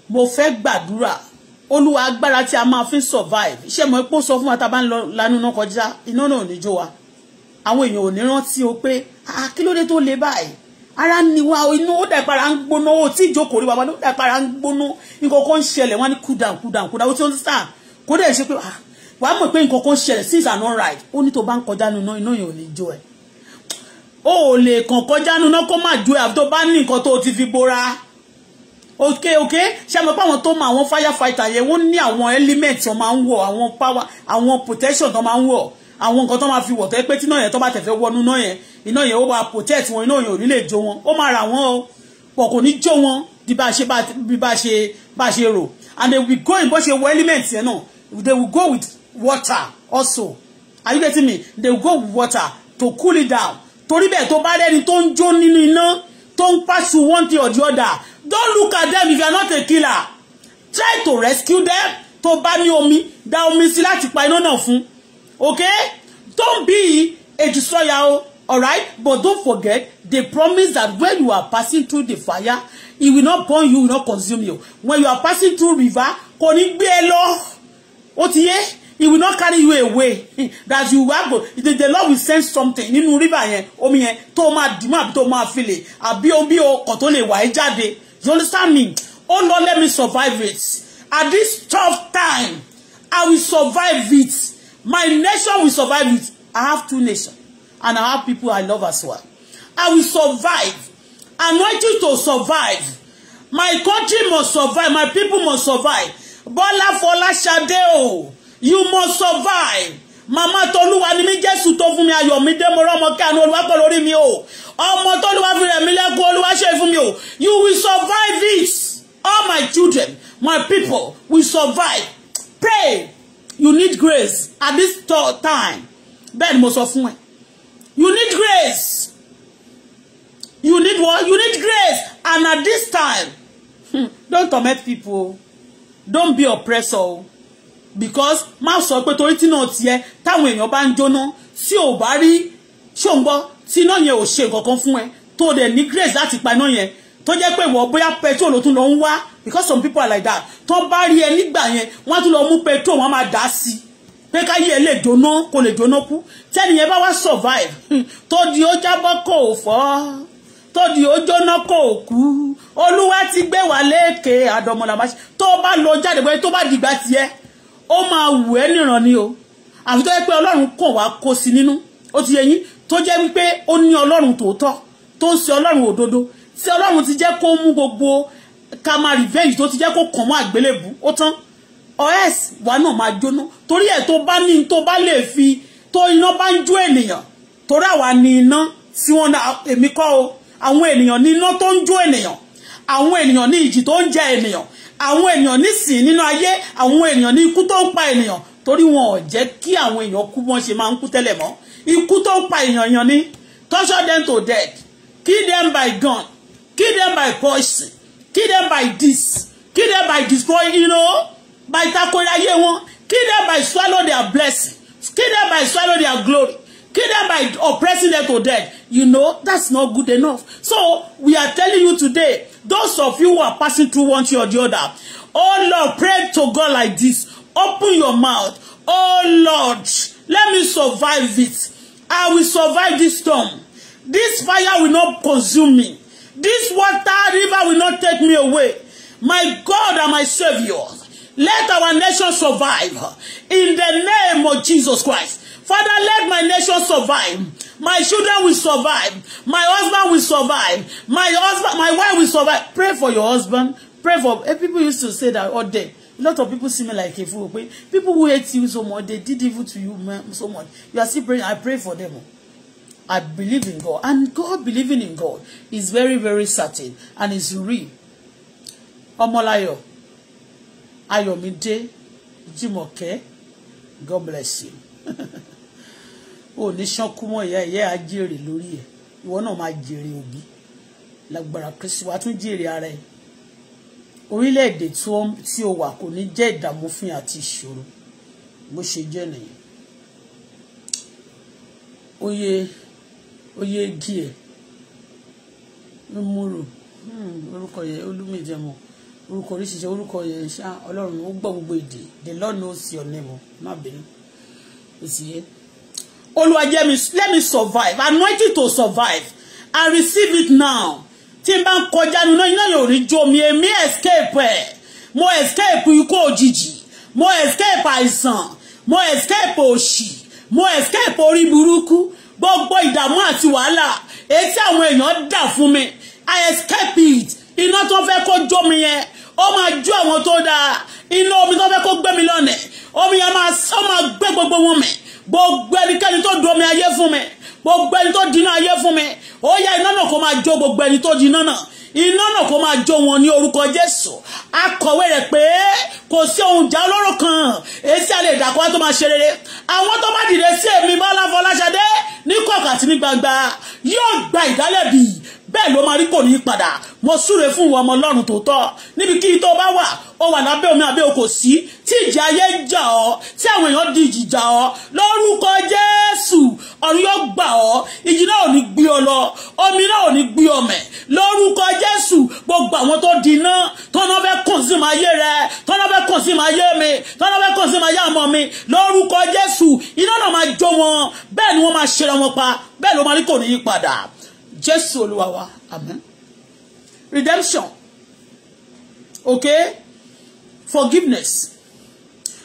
mo fẹ́ gbàdúrà olúwa agbára tí a máa fi survive iṣẹ́ mọ̀ epo sọ fún wa tá a bá ń lọ lanú náà kọjá iná náà níjó wa àwọn èèyàn ò ní rántí o pé ah, kí ló dé tó le báyìí ara ń niwa inú ó dàgbára ń gbóná ó tí ìjókòó rí wa wọn ó dàgbára ń gbóná nǹkan kan ń ṣẹlẹ̀ wọn ní cool down cool down cool down ó ti ń sà kó dẹ̀ ṣe pé ah, wàá mọ̀ pé nǹkan kan ṣẹlẹ̀ since I no ride ó ní tó bá ń kọjá nínú iná yẹn ò ní jó ẹ̀ o ò lè kàn kọjá nínú kó má jó ẹ̀ àbí bá ní nǹkan tó ti fi bora okay okay ṣe mọ̀ pé àwọn tó mọ àwọn firefighter yẹn wọ́n ní àwọn element tó máa ń wọ̀ àwọn power àwọn protection tó máa ń wọ̀ àwọn nǹkan tó máa fi wọ̀ tó pé tí náà yẹn tó bá tẹ̀fẹ́ wọnú náà yẹn iná yẹn ó máa protect wọn iná yẹn ò ní lè jó wọn ó máa rà wọn o pọ̀ kò ní jó wọn bí bá ṣe bá ṣe rò and they will go in bó ṣe wọ element yẹn náà they will go with water also are you getting me they will go with water to cool it down torí bẹ́ẹ̀ tó bá rẹ́ni tó ń jó nínú iná tó ń pass one thing or the other don't look at them if you are not a killer try to rescue them to bá ní omi da omi sí láti pa iná náà fún okay don't be a destroyer o alright but don't forget they promise that when you are passing through the fire it will not burn you it will not consume you when you are passing through river kò ní gbé ẹ lọ ó ti yé it will not carry you away <laughs> that you wa go the, the Lord will send something nínú river yẹn omi yẹn tó máa dìmọ́ àbí tó máa file àbí omi ọkọ̀ tó lè wà ẹ́ jáde you understand me oh no, let me survive it at this tough time i will survive it my nation will survive it i have two nations and i have people i love as well i will survive i want you to survive my country must survive my people must survive Bola Folashade o you must survive màmá tolúwa ni mí jésù tó fún mi ayọ̀ mi dé mo rọ́mọ kí àánú olúwa pọ̀ lórí mi o ọmọ tolúwa fi rẹ̀ mí lẹ́kùn olúwa ṣe fún mi o you will survive this, all my children my people will survive pray you need grace at this time bẹ́ẹ̀ ni mo sọ fún ẹ you need grace you need what you need grace and at this time hmm, don't torment people don't be oppressor because má sọ pé torí tí náà tiẹ̀ táwọn èèyàn bá ń jóná tí ò bá rí ṣòǹgbọ́ tí iná yẹn ò ṣe nǹkan kan fún ẹ tó dẹ̀ ní grace láti pa iná yẹn tó jẹ́ pé wọ́n bóyá petrol ló tún lọ ń wá because some people are like that tó bá rí ẹ nígbà yẹn wọ́n á tún lọ mú petrol wọ́n á máa dà á sí i pé káyé ẹ lè jóná kó lè jóná kú tẹ́ni yẹn bá wá survive <laughs> tó di ó jábọ́ kò fọ́ tó di ó jóná kò kú olúwa ti gbé wà lékè àdọ̀mọ̀làmáṣe tó bá lọ jáde pé tó bá dìgbà tiẹ̀ ó máa wù ẹ́ níran ni o àfi tó yẹ pé ọlọ́run kàn wá kó sí nínú ó ti yẹ yín tó jẹ́ wípé ó ní ọlọ́run tòótọ́ tó ń ṣe ọlọ́run òdodo tí ọlọ́run ti jẹ́ kó mú gbogbo ká máa revenge tó ti jẹ́ kó kàn mọ́ àgbélébù ó tán ọ̀s wa náà máa jóná torí ẹ̀ tó bá ní tó bá lè fi tó iná bá ń jó ènìyàn torí àwa ni iná tí wọ́n na èmi kọ́ o àwọn ènìyàn ní iná tó ń jó ènìyàn àwọn ènìyàn ní ìjì tó ń jẹ ènìyàn àwọn èèyàn nísìn nínú ayé àwọn èèyàn ní ikú tó ń pa ènìyàn torí wọn ò jẹ́ kí àwọn èèyàn kú wọ́n ṣe máa ń kú tẹ́lẹ̀ mọ́ ikú tó ń pa èèyàn yàn ni torture them to death kill them by gun kill them by poison kill them by this kill them by destroy you know by takoyayé wọn kill them by swallow their blessing kill them by swallow their glory Kill them by oppressing them to death. You know, that's not good enough. So, we are telling you today, those of you who are passing through one thing or the other, oh Lord, pray to God like this. Open your mouth. Oh Lord, let me survive it. I will survive this storm. This fire will not consume me. This water river will not take me away. My God and my Savior, let our nation survive in the name of Jesus Christ. Father, let my nation survive. My children will survive. My husband will survive. My husband, my wife will survive. Pray for your husband. Pray for eh, people used to say that all oh, day. A lot of people see me like a fool. People who hate you so much, they did evil to you man, so much. You are still praying. I pray for them. Oh. I believe in God. And God believing in God is very, very certain and is real. Ọmọláyọ̀, Ayọ̀mídé, Jimoke, God bless you. <laughs> ò ní ṣánkú mọ́ ìyá ìyá á jèrè lórí ẹ̀ ìwọ náà máa jèrè òbí lágbára kristi wàá tún jèrè ara ẹ̀ orílẹ̀-èdè tí o wà kò ní jẹ́ ìdààmú fún àti ìṣòro bó ṣe jẹ́ nìyẹn oyè oyè igi ẹ̀ mímúrò hmm, orúkọ yẹn olúmìjẹmọ orúkọ oríṣiríṣi orúkọ yẹn ṣá ọlọ́run ó gbọ́ gbogbo èdè the lord knows your name o má bínú òsì yẹn. Olúwa jẹ́ mi let me survive anointing to survive I receive it now tí n bá ń kọjá nínú iná yóò rí jó mi èmi escape ẹ̀ mo escape ikú òjijì mo escape àìsàn mo escape òṣì mo escape orí burúkú gbogbo ìdààmú àti wàhálà èyí tí àwọn èèyàn dà fún mi i escape it iná tó fẹ́ kó jó mi yẹn ó máa jó àwọn tó dáa iná omi tó fẹ́ kó gbé mi lọ́nà omi yẹn máa gbé gbogbo wọn mẹ́ gbogbo ẹnikẹ́ni tó do omi ayé fún mi gbogbo ẹni tó dínà ayé fún mi ó yá iná náà kó máa jó gbogbo ẹni tó dínà náà iná náà kó máa jó wọn ní orúkọ jésù akọ̀wé rẹ̀ pé kò sí ohun ìjà olóró kan èsì alẹ́ ìdàkọ́ tó máa ṣe rere àwọn tó bá dìde sí èmi bọ́lá fọláṣadé ní kọ̀ọ̀kan àti ní gbangba yóò gba ìdálẹ́bi bẹ́ẹ̀ ló máa rí kò ní padà mo súre fún ìwọ ọmọ ọlọ́run tòótọ́ níbi kí tó bá wà ó wà lábẹ́ omi àbẹ́ okò sí tí ìjà ayé ń jà ọ́ tí àwọn èèyàn di ìjì jà ọ́ lórúkọ jésù ọ̀run yóò gbà ọ́ ìjì náà ò ní gbé ọ lọ omi náà ò ní gbé ọ lórúkọ jésù gbogbo àwọn tó di iná tọ́nà fẹ́ kàn sí máa yé rẹ tọ́nà fẹ́ kàn sí máa yé mi tọ́nà fẹ́ kàn sí máa yá ọmọ mi lórúkọ jésù iná náà máa jó wọn bẹ́ẹ̀ ni wọ́n máa ṣe ra wọn pa bẹ́ẹ̀ ló máa rí kò ní yí padà jésù olúwa amen redemption okay forgiveness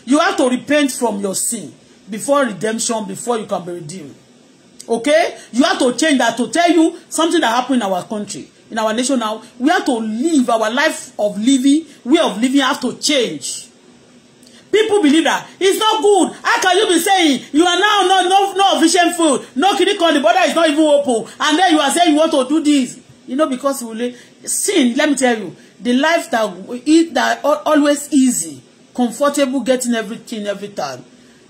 you have to repent from your sin before redemption before you can be redeemed okay you have to change that to tell you something that happened in our country in our nation now we have to live our life of living way of living have to change people believe that it's not good how can you be saying you are now no no no official food no kirikon the border is not even open and then you are saying you want to do this you know because we sin let me tell you the life that is that always easy comfortable getting everything every time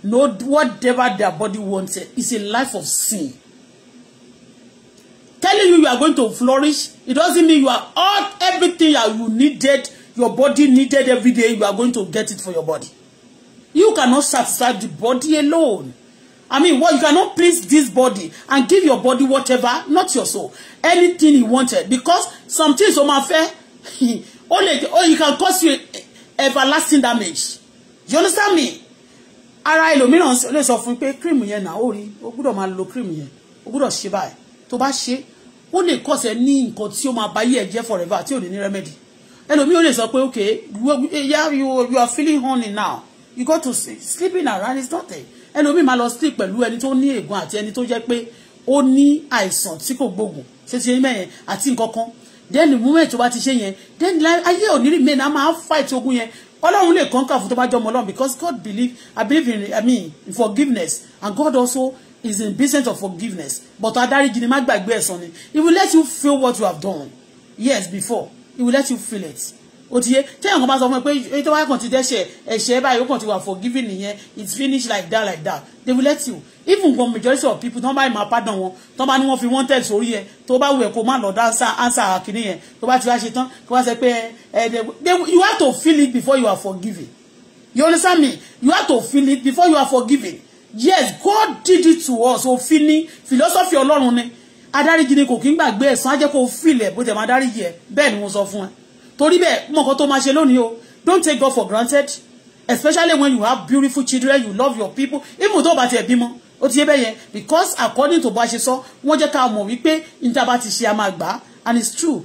no whatever their body wanted is a life of sin telling you you are going to flourish it doesn't mean you are all everything you needed your body needed every day you are going to get it for your body You cannot satisfy the body alone. I mean, what you cannot please this body and give your body whatever, not your soul, anything you wanted. Because some things on affair, fair, <laughs> only or oh, you can cause you everlasting damage. You understand me? Ara ẹlòmíràn lè sọ fún pé cream yẹn náà ó rí, ó gbọ́dọ̀ máa lo cream yẹn, ó gbọ́dọ̀ ṣe báyìí. Tó bá ṣe, ó lè cause ẹ ní nǹkan tí ó máa ẹ jẹ́ forever tí ò ní ní remedy. Ẹlòmíràn lè sọ pé okay, yeah, you, you are feeling horny now you go to sleep sleeping around is nothing ẹlòmíì máa lọ sleep pẹ̀lú ẹni tó ní ègún àti ẹni tó jẹ́ pé ó ní àìsàn tí kò gbóògùn ṣe ti ṣe mẹ́yẹn àti nǹkan then the moment tó bá ti ṣe yẹn then ayé òní rí mẹ́rin a máa fight ogun yẹn ọlọ́run lè kọ́ńkà fún tó bá jẹ́ ọmọ ọlọ́run because God believe I believe in I mean forgiveness and God also is in business of forgiveness but adáríjì ni má gbàgbé ẹ̀san ni he will let you feel what you have done yes before he will let you feel it o ti yé téèyàn kan bá sọ fún mi pé èyí tó wáyé kan ti dẹ́ṣẹ̀ ẹ̀ṣẹ̀ báyìí ó kàn ti wà forgiven nìyẹn it's finished like that like that they will let you even gan majority of people tán bá ìmọ̀ pardon, wọn tán bá ní wọ́n fi wanted sórí ẹ tó bá wù ẹ kó má lọ dáńsà ánsà kìíní yẹn tó bá ti wá ṣe tán kó wá sọ pé ẹ eh, ẹ you have to feel it before you are forgiven you understand me you have to feel it before you are forgiven yes God did it to us òfin ní philosophy ọlọ́run ni adáríjì ni kò kí ń gbàgbé ẹ̀san á jẹ́ kó feel ẹ̀ bó tẹ̀ máa dáríjì ẹ̀ bẹ́ẹ̀ ni mo sọ fún ẹ torí bẹ́ẹ̀ mọ̀ tó máa ṣe lónìí o don't take God for granted especially when you have beautiful children you love your people even tó bá tiẹ̀ bímọ ó ti yé bẹ́ẹ̀ yẹn because according to bó a ṣe sọ wọ́n jẹ́ ká mọ̀ wípé níta bá ti ṣe a máa gbà and it's true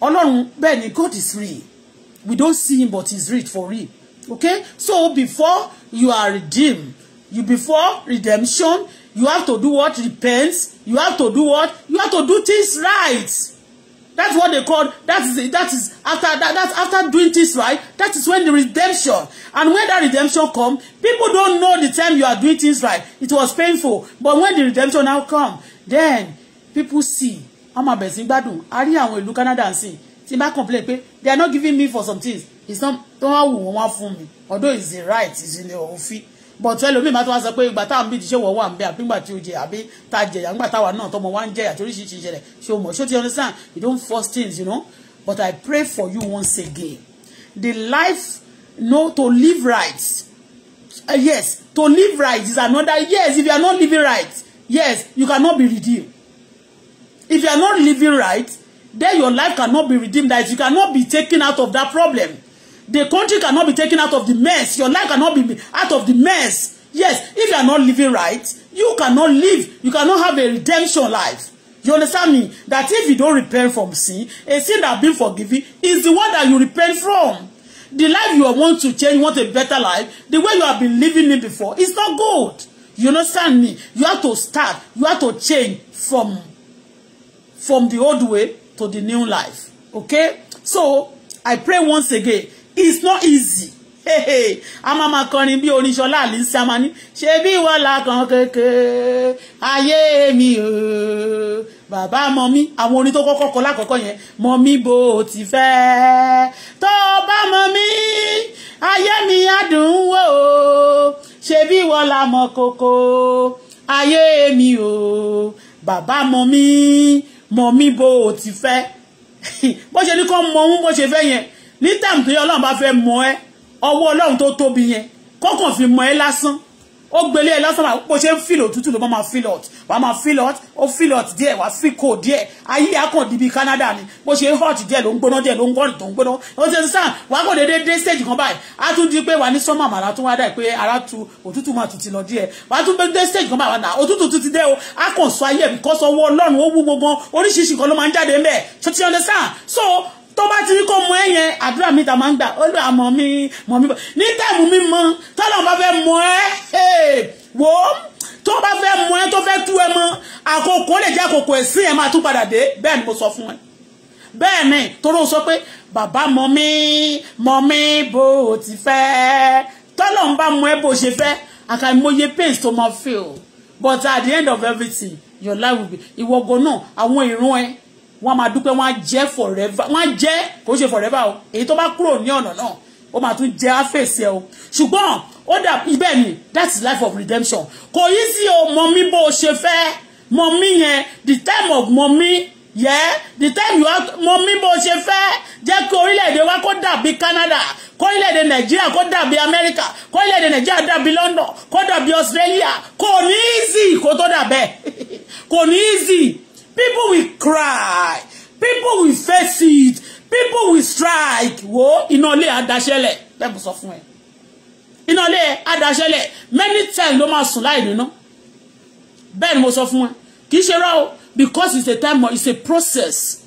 ọlọ́run bẹ́ẹ̀ ni God is real we don't see him but he's real for real okay so before you are redeemed you before redemption you have to do what repent you have to do what you have to do things right That's what they call, that is, that is, after that, that's after doing things right, that is when the redemption, and when that redemption come, people don't know the time you are doing things right. It was painful, but when the redemption now come, then people see, I'm a bẹ̀sìn gbádùn, a rí àwọn ìlú Canada sí, tí bá complain pé, they are not giving me for some things, it's not, don't want one me? although it's the right, it's in the office but ẹlòmíì máa tún wá sọ pé ìgbà táwọn bíi ti ṣe wọ̀ wà ń bẹ àbí ìgbà tí o jẹ àbí tá a jẹyà ńgbà táwa náà tọmọ wa ń jẹyà torí ṣìṣì ìṣẹ̀lẹ̀ ṣe o mọ̀ ṣó ti understand you don't force things you know but I pray for you once again the life you know to live right uh, yes to live right is another yes if you are not living right yes you cannot be redeemed if you are not living right then your life cannot be redeemed that is you cannot be taken out of that problem The country cannot be taken out of the mess. Your life cannot be out of the mess. Yes, if you are not living right, you cannot live. You cannot have a redemption life. You understand me? That if you don't repent from sin, a sin that been forgiven is the one that you repent from. The life you want to change, you want a better life, the way you have been living it before, is not good. You understand me? You have to start. You have to change from, from the old way to the new life. Okay? So, I pray once again it's not easy a máa ma kọrin bí oníṣọlá àlìsí a máa ní ṣe bí ìwọ làkàn kékeré ayé mi o bàbá mọ́mí àwọn orin tó kọ́kọ́ kọ lákọ̀ọ́kọ́ yẹn mọ́mí bó o ti fẹ́ tó o bá mọ́mí ayé mi adùn wò ó ṣe bí ìwọ la mọ kókó ayé mi o bàbá mọ́mí mọ́mí bó o ti fẹ́ <laughs> bó ṣe ní kó mọ ohun bó ṣe fẹ́ yẹn ní táàmù tó yẹ ọlọ́run bá fẹ́ mọ ẹ ọwọ́ ọlọ́run tó tóbi yẹn kọ́kàn fi mọ ẹ lásán ó gbélé ẹ lásán bó ṣe ń fìlò tútù ló máa fìlò ọ̀t wàá máa fìlò ọ̀t ó fìlò ọ̀t díẹ̀ wàá fi kò díẹ̀ ayé akàn dìbí Canada ni bó ṣe hot díẹ̀ ló ń gbóná díẹ̀ ló ń gbóná tó ń gbóná ó ti sàn wàá kò déédéé dé stage kan báyìí á tún di pé wàá ní sọ́mà màrà tún wá dà pé ara tu òtútù máa tù ti lọ díẹ̀ wàá tún dé stage kan báyìí òtútù tún ti dé o á kàn sọ ayé mi kọ́ sọ wọ́ ọlọ́run ó wú gbogbo oríṣiríṣi kan ló máa ń jáde mẹ́ẹ̀ tó bá ti rí kó mọ ẹ yẹn àdúrà mi ta máa ń gbà ó lọ àmọ́ mi mọ̀ mi bọ̀ ní táìmù mi mọ tọ́lọ́ bá fẹ́ mọ ẹ wò ó tó bá fẹ́ mọ ẹ tó fẹ́ tú ẹ mọ àkókò lè jẹ́ àkókò ẹ̀sìn ẹ máa tún padà dé bẹ́ẹ̀ ni mo sọ fún ẹ bẹ́ẹ̀ ni toró sọ pé bàbá mọ mi mọ mi bó o ti fẹ́ tọ́lọ́ ń bá mọ ẹ bó o ṣe fẹ́ àkàìmọye pains tó máa feel but at the end of everything your life will be ìwọ̀gọ̀ náà àwọn ìran ẹ wọ́n máa dúpẹ́ wọ́n á jẹ́ forever wọ́n á jẹ́ kò ṣe forever o èyí tó bá kúrò ní ọ̀nà náà ó máa tún jẹ́ àfẹ̀sì ẹ o ṣùgbọ́n ó dà ibẹ̀ ni that is life of redemption kò yí sí o mọ mi bó o ṣe fẹ́ mọ mi yẹn the time of mọ mi yẹ the time you are mọ mi bó o ṣe fẹ́ jẹ́ kí orílẹ̀-èdè wa kó dàbí Canada kórílẹ̀-èdè nàìjíríà kó dàbí amẹ́ríkà kórílẹ̀-èdè nàìjíríà dàbí london kó dàbí australia kò ní easy kó tó dà bẹ́ẹ̀ <laughs> kò ní easy people will cry people will face it people will strike wo inole ilé adaṣẹ́lẹ̀ lẹ́bùn sọ fún ẹ iná ilé many times ló máa sùn láì níná bẹ́ẹ̀ ni mo sọ fún ẹ kì í ṣe o because it's a time it's a process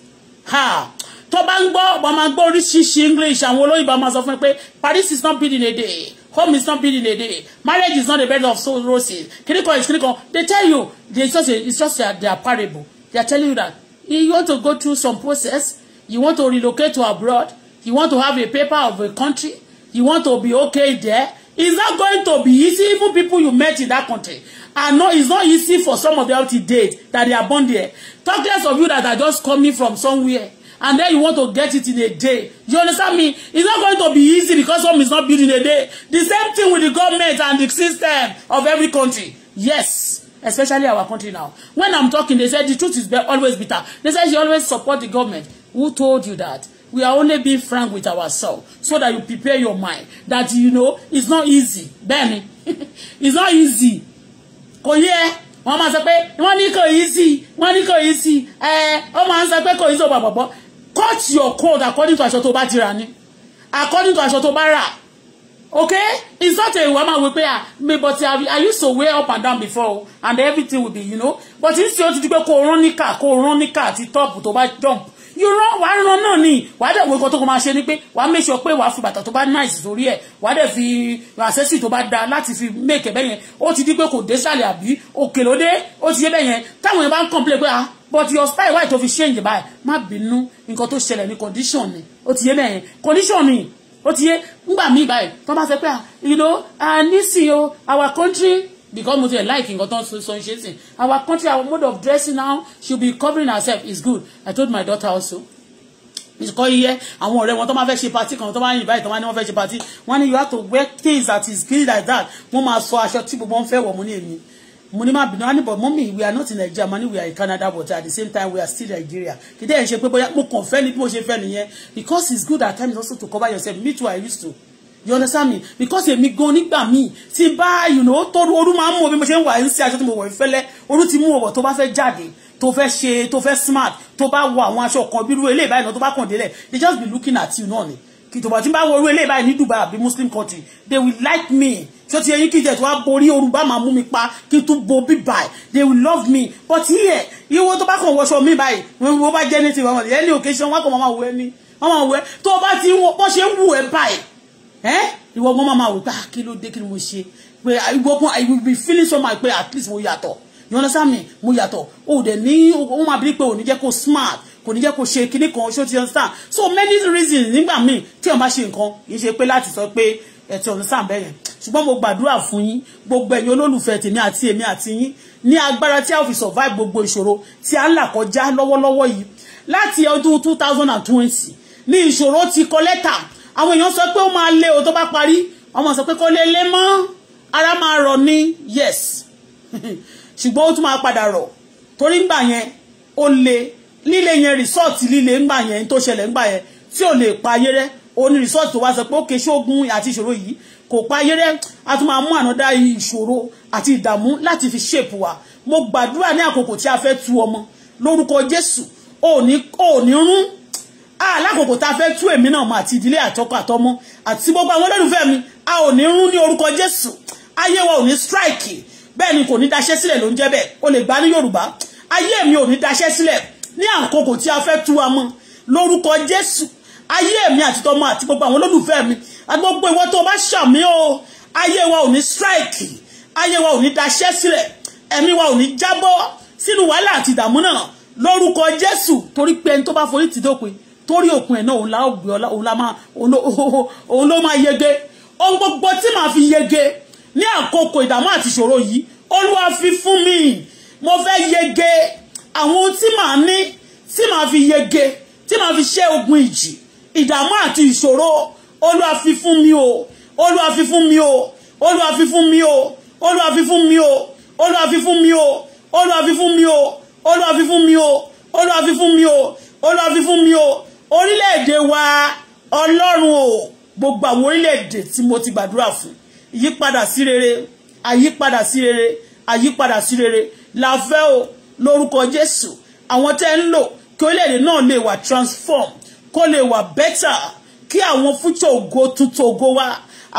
Ha. To ń gbọ́ wọ́n máa gbọ́ oríṣiríṣi english àwọn olóyìnbó máa sọ fún ẹ pé paris is not built in a day home is not built in a day marriage is not a bed of roses Kini kìnìkan kini kìnìkan they tell you they just it's just their parable They are telling you that if you want to go through some process, you want to relocate to abroad, you want to have a paper of a country, you want to be okay there. It's not going to be easy. Even people you met in that country are not. It's not easy for some of them to date that they are born there. Talk less of you that are just coming from somewhere and then you want to get it in a day. You understand me? It's not going to be easy because some is not built in a day. The same thing with the government and the system of every country. Yes especially our country now. When I'm talking, they said the truth is always bitter. They said you always support the government. Who told you that? We are only being frank with ourselves so that you prepare your mind. That you know it's not easy. Benny, <laughs> it's not easy. Oh yeah. wọ́n máa sọ pé wọ́n ní kò easy, wọ́n ní kò easy. Ẹ ọ máa ń sọ pé kò easy ọ̀pọ̀ àpapọ̀. Cut your coat according to aṣọ tó bá ti rà According to aṣọ tó bá rà okay it's not a woman wey pay her me but i i used to wear up and down before and everything will be you know but n ṣe o ti di pé kò rán níkà kò rán níkà àti top to bá jump you run, wàá run? náà ni wàá dẹ̀ wo nǹkan to kọ́ máa ṣe ni pé wàá make sure pé wàá fi bàtà to bá nice sórí ẹ̀ wàá dẹ̀ fi accessory to bá da láti fi make ẹ̀ bẹ́yẹn ó ti di pé kò dé sàlẹ̀ àbí òkè ló dé ó ti yé bẹ́yẹn táwọn yẹn bá ń complain pé ah but your style why tó fi change by? má bínú nǹkan tó ṣẹlẹ̀ ní condition ni ó ti yé bẹ́yẹn condition ni ó ti yé ńgbà míì báyìí tó bá sọ pé you know nísìn o our country because mo ti like nǹkan tó ń sọ ṣe sìn our country our mode of dressing now she be covering herself is good I told my daughter also ìkọ́ iyẹ́ àwọn ọ̀rẹ́ wọn tó máa fẹ́ ṣe party kan tó máa ń invite tó máa ní wọ́n fẹ́ ṣe party wọ́n ní you have to wear things that is clean like that wọ́n máa sọ aṣọ tí gbogbo wọn fẹ́ wọ̀ mú ní èmi mo ní má bínú á but mommy we are not in Nigeria mo we are in Canada but at the same time we are still Nigeria kì í dẹ́yìn ṣe pé bóyá mo kàn fẹ́ ni bí mo ṣe fẹ́ nìyẹn because it's good at times also to cover yourself me too I used to you understand me because èmi gan nígbà míì tí bá you know tọrọ oru máa ń mú bí mo ṣe ń wà ń sí aṣọ tí mo wọ̀ ń oru ooru ti mú ọ̀wọ̀ tó bá fẹ́ jáde tó fẹ́ ṣe tó fẹ́ smart tó bá wọ àwọn aṣọ kan bí irú eléyìí báyìí náà tó bá kàn délẹ̀ they just be looking at you náà ni kì tó bá ti bá wọ irú eléyìí báyìí ní Dubai àbí Muslim country they will like me so ti ẹ̀yin kije tó wá borí Yorùbá máa mú mi pa kí tún bo bí báyìí they will love me but here to tó bá kàn wọṣọ mi báyìí when wo bá jẹ́ anything wa mo any occasion wa ko mama wo ẹni mama máa wo ẹ tó bá ti wo bó ṣe wù ẹ́ báyìí eh ìwọ gan máa wò pa ah, kí ló dé kí mo ṣe pé ah, ìwọ gan i will be feeling so my pé at least mo yato. you understand me mo yato. o de ni o máa bi pé ó ní jẹ́ kó smart kò ní jẹ́ kó ṣe kinní kan ṣó ti understand so many reasons nígbà míì tí wọ́n bá ṣe nǹkan kì í ṣe pé láti sọ pé ẹtì ọ̀nà sàǹbẹ̀ yẹn ṣùgbọ́n mo gbàdúrà fún yín gbogbo ẹ̀yin olólùfẹ́ tèmi àti èmi àti yín ní agbára tí a fi survive gbogbo ìṣòro tí a ń là kọjá lọ́wọ́lọ́wọ́ yìí láti ọdún two thousand and twenty ní ìṣòro ti kọ lẹ́tà àwọn èèyàn sọ pé ó máa lé o tó bá parí ọmọ sọ pé kó lè lé mọ́ ara máa rọ̀ ní yes <laughs> ṣùgbọ́n ó tún máa padà rọ̀ torí ńgbà yẹn ó le líle yẹn rìsọ́ọ̀tì líle ńgbà yẹn tó ṣẹlẹ̀ ńgbà yẹn tí ò lè pa ayé rẹ́ òun ni result tó wá sọ pé ó kéṣe ogun àti ìṣòro yìí kò páyé rẹ a tún máa mú ànádá ìṣòro àti ìdààmú láti fi ṣèpù wa mo gbàdúrà ní àkókò tí a fẹ́ tu ọmọ lórúkọ Jésù òní òní rún alákòókò tá a fẹ́ tú èmi náà mọ àti ìdílé àtọkọ àtọmọ àti gbogbo àwọn olólùfẹ́ mi a ò ní rún ní orúkọ Jésù ayé wa ò ní strike bẹ́ẹ̀ ni kò ní daṣẹ́ sílẹ̀ ló ń jẹ́ bẹ́ẹ̀ o lè gbá ní Yorùbá ayé mi ò ní daṣẹ́ sílẹ̀ ní àkókò tí a fẹ́ tú wa mọ lórúkọ Jésù ayé mi àti tọmọ àti gbogbo àwọn olólùfẹ́ mi gbogbo ìwọ tó o bá ṣàmì o ayé wa ò ní strike ayé wa ò ní daṣẹ́ sílẹ̀ ẹ̀mí wa ò ní jábọ́ sínú wàhálà àti ìdààmú náà lórúkọ Jésù torí pé ẹni tó bá forí tì dópin torí òkun ẹ̀ náà òun la ògbé òun ló máa yege ohun gbogbo tí màá fi yege ní àkókò ìdààmú àti ìṣòro yìí Olúwa fi fún mi mo fẹ́ yege àwọn ohun tí màá ní tí màá fi yege tí màá fi ṣẹ́ ogun ìjì ìdààmú àti ìṣòro olúwa fi fún mi o olúwa fi fún mi o olúwa fi fún mi o olúwa fi fún mi o olúwa fi fún mi o olúwa fi fún mi o olúwa fi fún mi o olúwa fi fún mi o olúwa fi fún mi o orílẹ̀-èdè wa ọlọ́run o gbogbo àwọn orílẹ̀-èdè tí mo ti gbàdúrà fún ìyípadà sí rere àyípadà sí rere àyípadà sí rere la o lórúkọ jésù àwọn tẹ́ ń lò kí orílẹ̀-èdè náà lè wà transform kó lè wà bẹ́tà kí àwọn future ògo tuntun ògo wa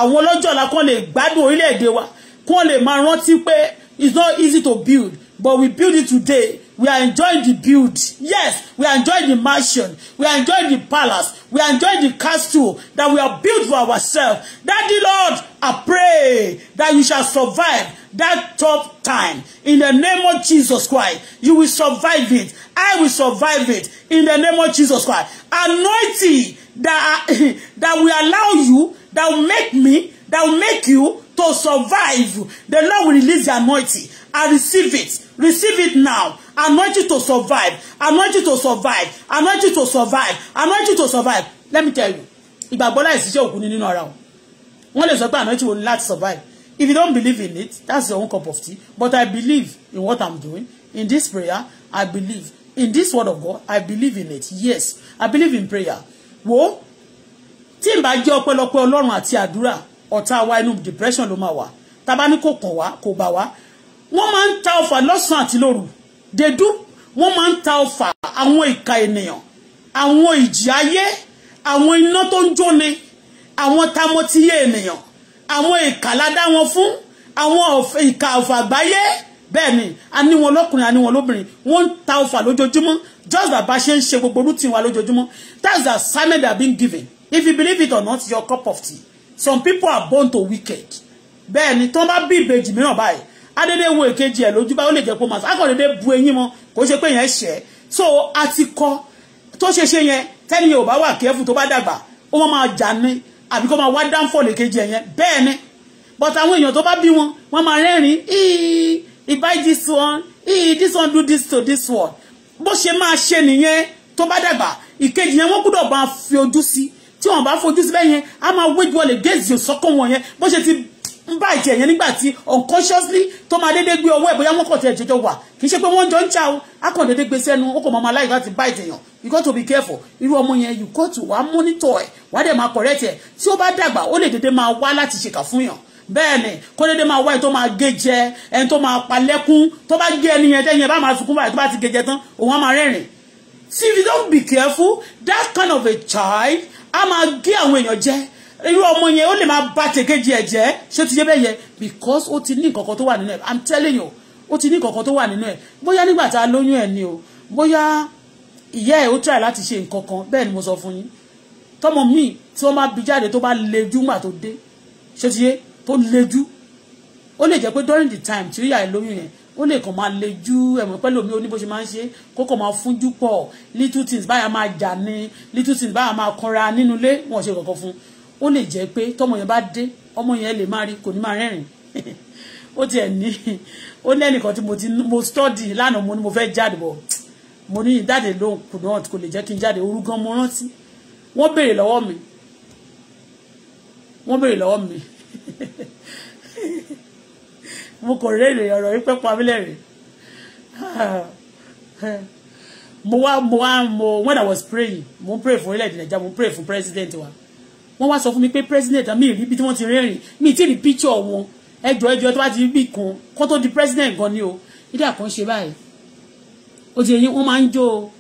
àwọn ọlọ́jọ́ ọ̀la kan lè gbádùn orílẹ̀-èdè wa kí wọ́n lè máa rántí pé it's not easy to build but we build it today We are enjoying the build. Yes, we are enjoying the mansion. We are enjoying the palace. We are enjoying the castle that we have built for ourselves. Daddy Lord, I pray that you shall survive that tough time. In the name of Jesus Christ, you will survive it. I will survive it. In the name of Jesus Christ. Anointing that, I, <laughs> that will allow you, that will make me, that will make you to survive. The Lord will release the anointing. I receive it. Receive it now. Anoint you to survive. Anoint you to survive. Anoint you to survive. Anoint you to survive. Let me tell you. Ìgbàgbọ́ láì ṣiṣẹ́ òkú ni nínú ara o. Wọ́n lè sọ pé anointing wo ni láti survive. If you don't believe in it, that's your own cup of tea. But I believe in what I'm doing. In this prayer, I believe. In this word of God, I believe in it. Yes, I believe in prayer. Wo tí n bá jẹ́ ọpẹ́lọpẹ́ Ọlọ́run àti àdúrà ọ̀tá wa inú depression ló máa wà. Tá a bá ní kò kàn wá kò bá wá wọ́n máa ń ta ọfà lọ́sàn-án àti lóru dèdú wọ́n máa ń ta ọfà àwọn ìka ènìyàn àwọn ìjì ayé àwọn iná tó ń jóni àwọn tamotíyé ènìyàn àwọn ìka ládá wọn fún àwọn ìka ọfà àgbáyé bẹ́ẹ̀ ni a lọ́kùnrin a lóbìnrin wọ́n ń ta ọfà lójoojúmọ́ just that bá ṣe ń ṣe gbogbo routine wa lójoojúmọ́ that's the assignment that been given if you believe it or not your cup of tea some people are born to wicked bẹ́ẹ̀ ni tí wọ́n bá bí ìbejì mìíràn báyìí adédè wo èkejì ẹ̀ lójú bá ó lè jẹ́ pé màsà akọ̀dédé bu eyín mọ́ kò ṣe pé yẹn ṣẹ́ so a ti kọ́ tó ṣe ṣe yẹn tẹ́ni yẹn bá wà kẹ́fù tó bá dàgbà ó máa jà ní àbí kó máa wá dáńfọ̀ lèkejì ẹ̀ yẹn bẹ́ẹ̀ ni but àwọn èèyàn tó bá bí wọn wọ́n máa rẹ́rìn ee he buy this one ee this one do this to this one bó ṣe máa ṣe nìyẹn tó bá dàgbà ìkejì yẹn wọ́n gbọ́dọ̀ bá fi ojú sí tí wọ́n bá fojú sí bẹ́ẹ̀ yẹn á máa wéjú ọ̀lẹ̀ gẹ́ẹ̀sì òsọ́kàn wọn yẹn bó ṣe ti ń bá ìjẹ yẹn nígbà tí unconsciously tó máa dédé gbé ọwọ́ ẹ̀ bóyá kọ̀ tẹ̀ jẹjọ wà kì í ṣe pé wọ́n jọ ń jà o a dédé gbé sẹ́nu ó kò mọ ọmọ aláìsí láti bá ìjẹ yàn you got to be careful irú ọmọ yẹn you got to wá monitor ẹ̀ wá dẹ̀ máa correct ẹ̀ tí ó bá dàgbà ó lè dédé máa wá láti ṣèkà fún yàn bẹ́ẹ̀ ni kó dédé máa wá ẹni tó máa gé jẹ ẹni tó máa palẹ́kún tó bá gé ẹni yẹn tẹ́yìn bá máa sunkún báyìí tó bá ti gé jẹ tán òun á máa rẹ́rìn see if you don't be careful that kind of a child á máa gé àwọn èèyàn jẹ irú ọmọ yẹn ó lè máa ba tèkejì ẹ̀ ṣé ti yé bẹ́ẹ̀ yẹn because ó ti ní nǹkankan tó wà nínú ẹ̀ i'm telling you ó ti ní nǹkankan tó wà nínú ẹ̀ bóyá nígbà tá a lóyún ẹ̀ ni o bóyá ìyá ẹ̀ ó try láti ṣe nǹkan kan bẹ́ẹ̀ ni mo sọ fún yín tọmọ míì tí wọ́n máa bí jáde tó bá lejú mà tó dé ṣé ti yé tó lejú ó lè jẹ́ pé during the time tí ìyá ẹ̀ lóyún yẹn ó lè kàn máa lejú ẹ̀mọ́ pẹ́lú omi oníbó ṣe máa ń ṣe kó máa fúnjú pọ̀ little things báyà máa jà ní little things báyà máa kanra nínú ilé wọn ṣe kankan fún un ó lè jẹ́ pé tọmọ yẹn bá dé ọmọ yẹn lè máa rí kò ní máa rẹ́rìn <laughs> ó tiẹ̀ ní <laughs> ó lẹ́nìkan tí mo ti mo study lánàá mo ní mo fẹ́ jáde bọ̀ mo ní jáde lóhùn kù náà kò lè jẹ́ kí n jáde òru gan mo rántí wọ́n béèrè lọ́wọ́ mi wọ́n béèrè lọ́wọ́ mi <laughs> mo kò rèrè ọ̀rọ̀ yìí pẹ́ pa mí lẹ́rìn <sighs> mo wá mo wá mo when I was praying mo pray fún orílẹ̀-èdè Nàìjíríà mo pray fún president wa wọ́n wá sọ fún mi pé president mi rí bí tí wọ́n ti rẹ́rìn mi ti rí picture wọn ẹjọ́ ẹjọ́ tó bá ti rí kan kó tó di president gan ni o ilé àkànṣe báyìí ó ti yẹn wọ́n máa ń jó o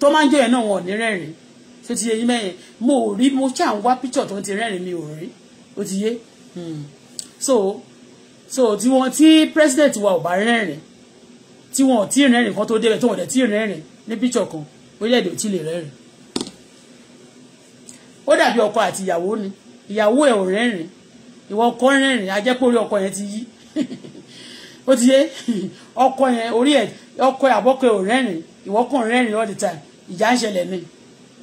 tó máa ń jó yẹn náà wọn ò ní rẹ́rìn tó ti yẹn mẹ́yẹn mo ò rí mo ṣáà ń wá picture tó ti rẹ́rìn mi ò rí ó ti yé hmm. so so tí wọ́n tí president wa ò bá rẹ́rìn tí wọn ò tí ì rẹ́rìn kan tó débẹ̀ tí wọn ò dẹ̀ tí ì rẹ́rìn ní picture kan orílẹ̀-èdè ò tí ì lè rẹ́rìn ó dàbí ọkọ àti ìyàwó ni ìyàwó ẹ̀ ò rẹ́rìn ìwọ ọkọ rẹ́rìn ajẹ́ pé orí ọkọ yẹn ti yí <laughs> ó ti yé <laughs> ọkọ yẹn orí ẹ̀ ọkọ ẹ̀ àbọ́kọ ẹ̀ ò rẹ́rìn ìwọ kàn rẹ́rìn all the time ìjà ń ṣẹlẹ̀ ni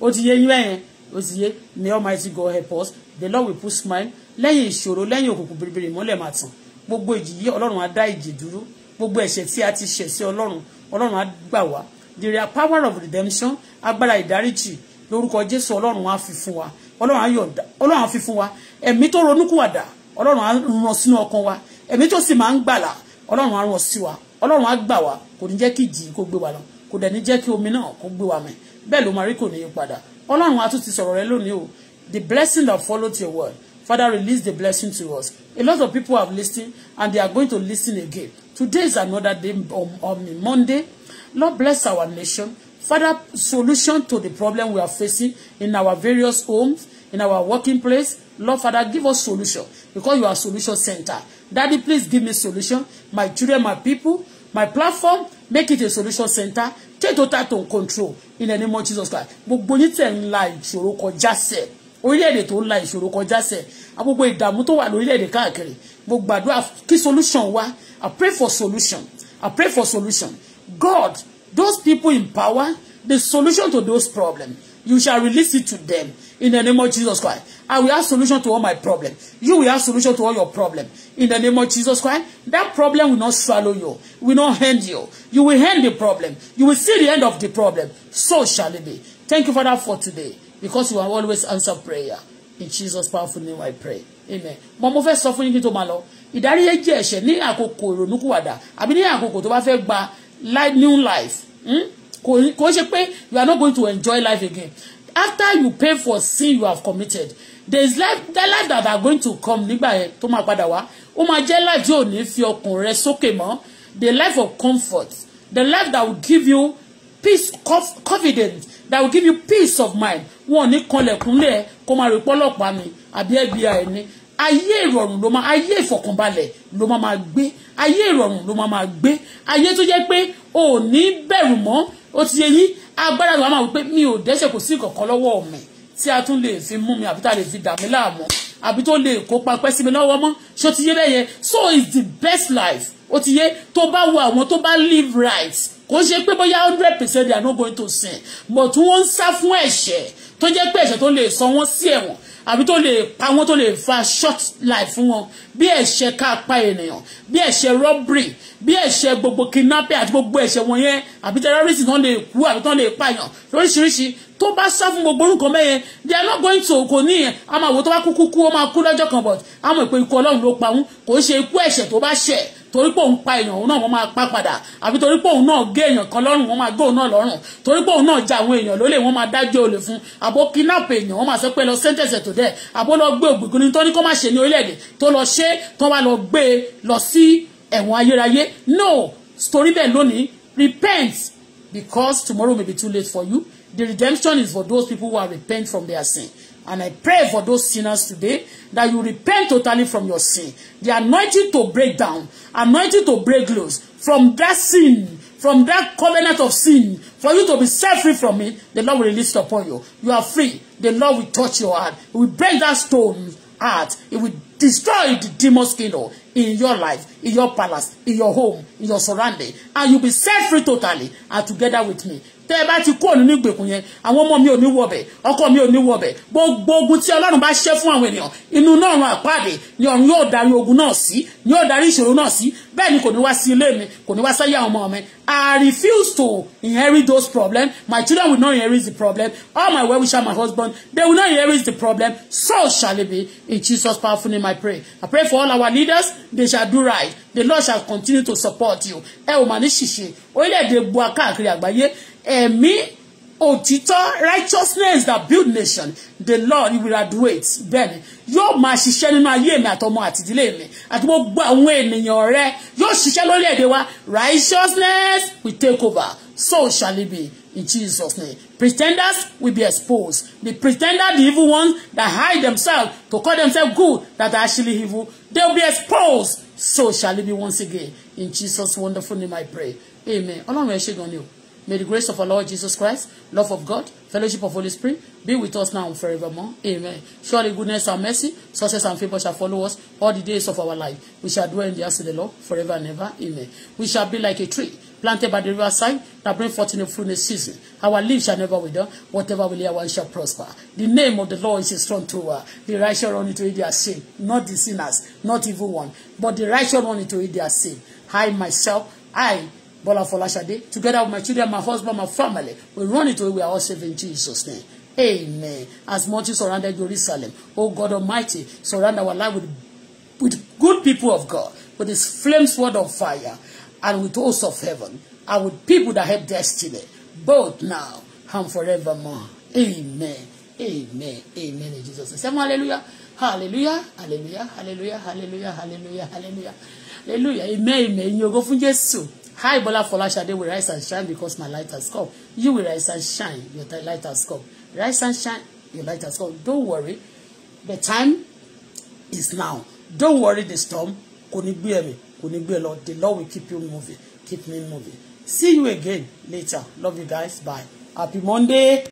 ó ti yé yín bẹ́yẹn ó ti yé may almighty God help us the Lord will put smile lẹ́yìn ìṣòro lẹ́yìn òkùnkùn bèrèbèrè mọ́lẹ̀ máa tàn gbogbo ìjì yí ọlọ́run á dá ìjì dúró gbogbo ẹ̀ṣẹ̀ tí a ti ṣẹ̀ sí ọlọ́run ọlọ́run á gbà wá the power of redemption agbára ìdáríjì lórúkọ jésù ọlọ́run á fi fún wa ọlọ́run á yọ̀ǹda ọlọ́run á fi fún wa ẹ̀mí tó ronúkúwàdà ọlọ́run á rán sínú ọkàn wa ẹ̀mí tó sì máa ń gbàlà ọlọ́run á rán sí wa ọlọ́run á gbà wá kò ní jẹ́ kí ìjì kó gbé wa lọ kò dẹ̀ ní jẹ́ kí omi náà kó gbé wa mì bẹ́ẹ̀ ló máa rí kò ní í padà ọlọ́run á tún ti sọ̀rọ̀ rẹ lónìí o the blessing that followed your word Father, release the blessing to us. A lot of people have listened and they are going to listen again. Today is another day on, um, on um, Monday. Lord bless our nation. Father, solution to the problem we are facing in our various homes, in our working place. Lord Father, give us solution because you are solution center. Daddy, please give me solution. My children, my people, my platform, make it a solution center. Take total to control in the name of Jesus Christ. Gbogbo ní tẹ̀ ń la ìṣòro kọjá sẹ̀. Orílẹ̀-èdè tó ń la ìṣòro kọjá sẹ̀. Agbogbo ìdààmú tó wà lórílẹ̀-èdè káàkiri. Mo gbàdúrà kí solution wá. I pray for solution. I pray for solution. God Those people in power, the solution to those problems, you shall release it to them in the name of Jesus Christ. I will have solution to all my problems. You will have solution to all your problems In the name of Jesus Christ, that problem will not swallow you, will not end you. You will end the problem. You will see the end of the problem. So shall it be. Thank you, Father, for today, because you are always answer prayer. In Jesus' powerful name I pray. Amen. Mo mo fẹ́ sọ fún yín kí tó máa lọ. Ìdáríjì ẹ̀ṣẹ̀ ní àkókò ìrònúkúwàdà àbí ní àkókò tó bá fẹ́ gba life new life hmm? kò ṣe pé you are not going to enjoy life again after you pay for sin you have committed there is life that life that are going to come nígbà yẹn tó máa padà wá ó máa jẹ́ life tí ò ní fi ọkàn rẹ sókè mọ́ the life of comfort the life that will give you peace confidence that will give you peace of mind wọn ò ní kanlẹ̀kúnlẹ̀ kó máa rí pọ́lọ́pàá mi àbí FBI ni ayé ìrọ̀rùn ló ma. ayé ìfọ̀kànbalẹ̀ ló máa máa gbé ayé ìrọ̀rùn ló máa máa gbé ayé tó jẹ́ pé o ò ní bẹ̀rù mọ́ ó ti yẹ yín agbára ló máa wò pé mi ò dẹ́sẹ̀ kò sí kankan lọ́wọ́ mi tí a tún lè fi mú mi àbí tá a lè fi dà mí láàmú àbí tó lè kópa pẹ́ sí mi lọ́wọ́ mọ́ ṣé ó ti yé bẹ́ẹ̀ so it's the best life ó ti yé tó bá wo àwọn tó bá live right kò ṣe pé bóyá hundred percent they are not going to sin but wọ́n ń sá fún ẹ̀ṣẹ̀ tó jẹ́ pé ẹ̀ṣẹ̀ tó lè sọ wọ́n sí ẹ̀wọ̀n àbí tó lè pa wọ́n tó lè fa short life fún wọn bí ẹ̀ṣẹ̀ ká pa ènìyàn bí ẹ̀ṣẹ̀ robbery bí ẹ̀ṣẹ̀ gbogbo kidnapping àti gbogbo ẹ̀ṣẹ̀ wọn yẹn àbí terrorist náà lè kú àbí tán lè pààyàn lóríṣiríṣi tó bá sá fún gbogbo orúkọ mẹ́yẹn they are not going to kò ní yẹn a máa wò tó bá kú kú kú ó máa kú lọ́jọ́ kan but àwọn ìpè ikú ọlọ́run ló pa wọn kò ń ṣe ikú ẹ̀ṣẹ̀ tó bá ṣẹ̀ torí pé òun pa èèyàn òun náà wọ́n máa pa padà àbí torí pé òun náà gé èèyàn kan lọ́rùn wọ́n máa gé òun náà lọ́rùn torí pé òun náà ja àwọn èèyàn lólè wọ́n máa dájọ́ olè fún àbó kidnap èèyàn wọ́n máa sọ pé lọ sẹ́ńtẹ̀sẹ̀ tó dẹ̀ àbó lọ gbé ògbìgbìn ní tó ní kó má ṣe ní orílẹ̀-èdè tó lọ ṣe tó wá lọ gbé e lọ sí ẹ̀wọ̀n ayérayé no torí bẹ́ẹ̀ lónìí repent because tomorrow may be too late for you the redemption is for those people who are repent from their sin And I pray for those sinners today that you repent totally from your sin. The anointing to break down, anointing to break loose from that sin, from that covenant of sin, for you to be set free from it, the Lord will release it upon you. You are free. The Lord will touch your heart. He will break that stone heart. It will destroy the demon's kingdom in your life, in your palace, in your home, in your surrounding. And you'll be set free totally and together with me tẹ́ ẹ bá ti kúrò nínú ìgbèkùn yẹn àwọn ọmọ mi ò ní wọbẹ̀ ọkọ mi ò ní wọbẹ̀ gbogbo ogun tí ọlọ́run bá ṣẹ́ fún àwọn ènìyàn inú náà ràn àpáàdé ni ọ̀run yóò darí ogun náà sí ni yóò darí ìṣòro náà sí bẹ́ẹ̀ ni kò ní wá sí ilé mi kò ní wá sáyé àwọn ọmọ mi I refuse to inherit those problems my children will not inherit the problem all my well-wisher my husband they will not inherit the problem so shall it be in Jesus powerful name I pray I pray for all our leaders they shall do right the Lord shall continue to support you ẹ ò mà ní ṣìṣe orílẹ̀ gbọ́ káàkiri àgbáyé ẹ̀mí òtítọ́ righteousness that build nation the Lord you will graduate bẹ́ẹ̀ni yóò máa ṣiṣẹ́ nínú ayé mi àtọmọ àti ìdílé mi àti gbogbo àwọn ènìyàn rẹ yóò ṣiṣẹ́ lórí èdè wa righteousness will take over so shall it be in Jesus name pretenders will be exposed the pretender the evil ones that hide themselves to call themselves good that are actually evil they will be exposed so shall it be once again in Jesus wonderful name I pray amen Ọlọ́run ẹ ṣé gan ni o. May the grace of our Lord Jesus Christ, love of God, fellowship of Holy Spirit be with us now and forevermore. Amen. Surely goodness and mercy, success and favor shall follow us all the days of our life. We shall dwell in the house of the Lord forever and ever. Amen. We shall be like a tree planted by the riverside that bring forth in the fruit in the season. Our leaves shall never wither. Whatever we lay our shall prosper. The name of the Lord is a strong tower. The righteous run into it, they are saved. Not the sinners, not even one. But the righteous run into it, they are saved. I myself, I Bola Folashade, together with my children, my husband, my family, we run it away. We are all saved in Jesus' name. Amen. As much as surrounded Jerusalem, oh God Almighty, surround our life with, with good people of God, with His flame sword of fire, and with hosts of heaven, and with people that have destiny, both now and forevermore. Amen. Amen. Amen. In Jesus' name. Say hallelujah. Hallelujah. Hallelujah. Hallelujah. Hallelujah. Hallelujah. Hallelujah. Hallelujah. Amen. Amen. You go fún Jesus. I, Bola Folashade, will rise and shine because my light has come. You will rise and shine, your light has come. Rise and shine, your light has come. Don't worry, the time is now. Don't worry the storm. Kò ní gbé ẹ̀mí, kò ní The Lord will keep you moving, keep me moving. See you again later. Love you guys. Bye. Happy Monday.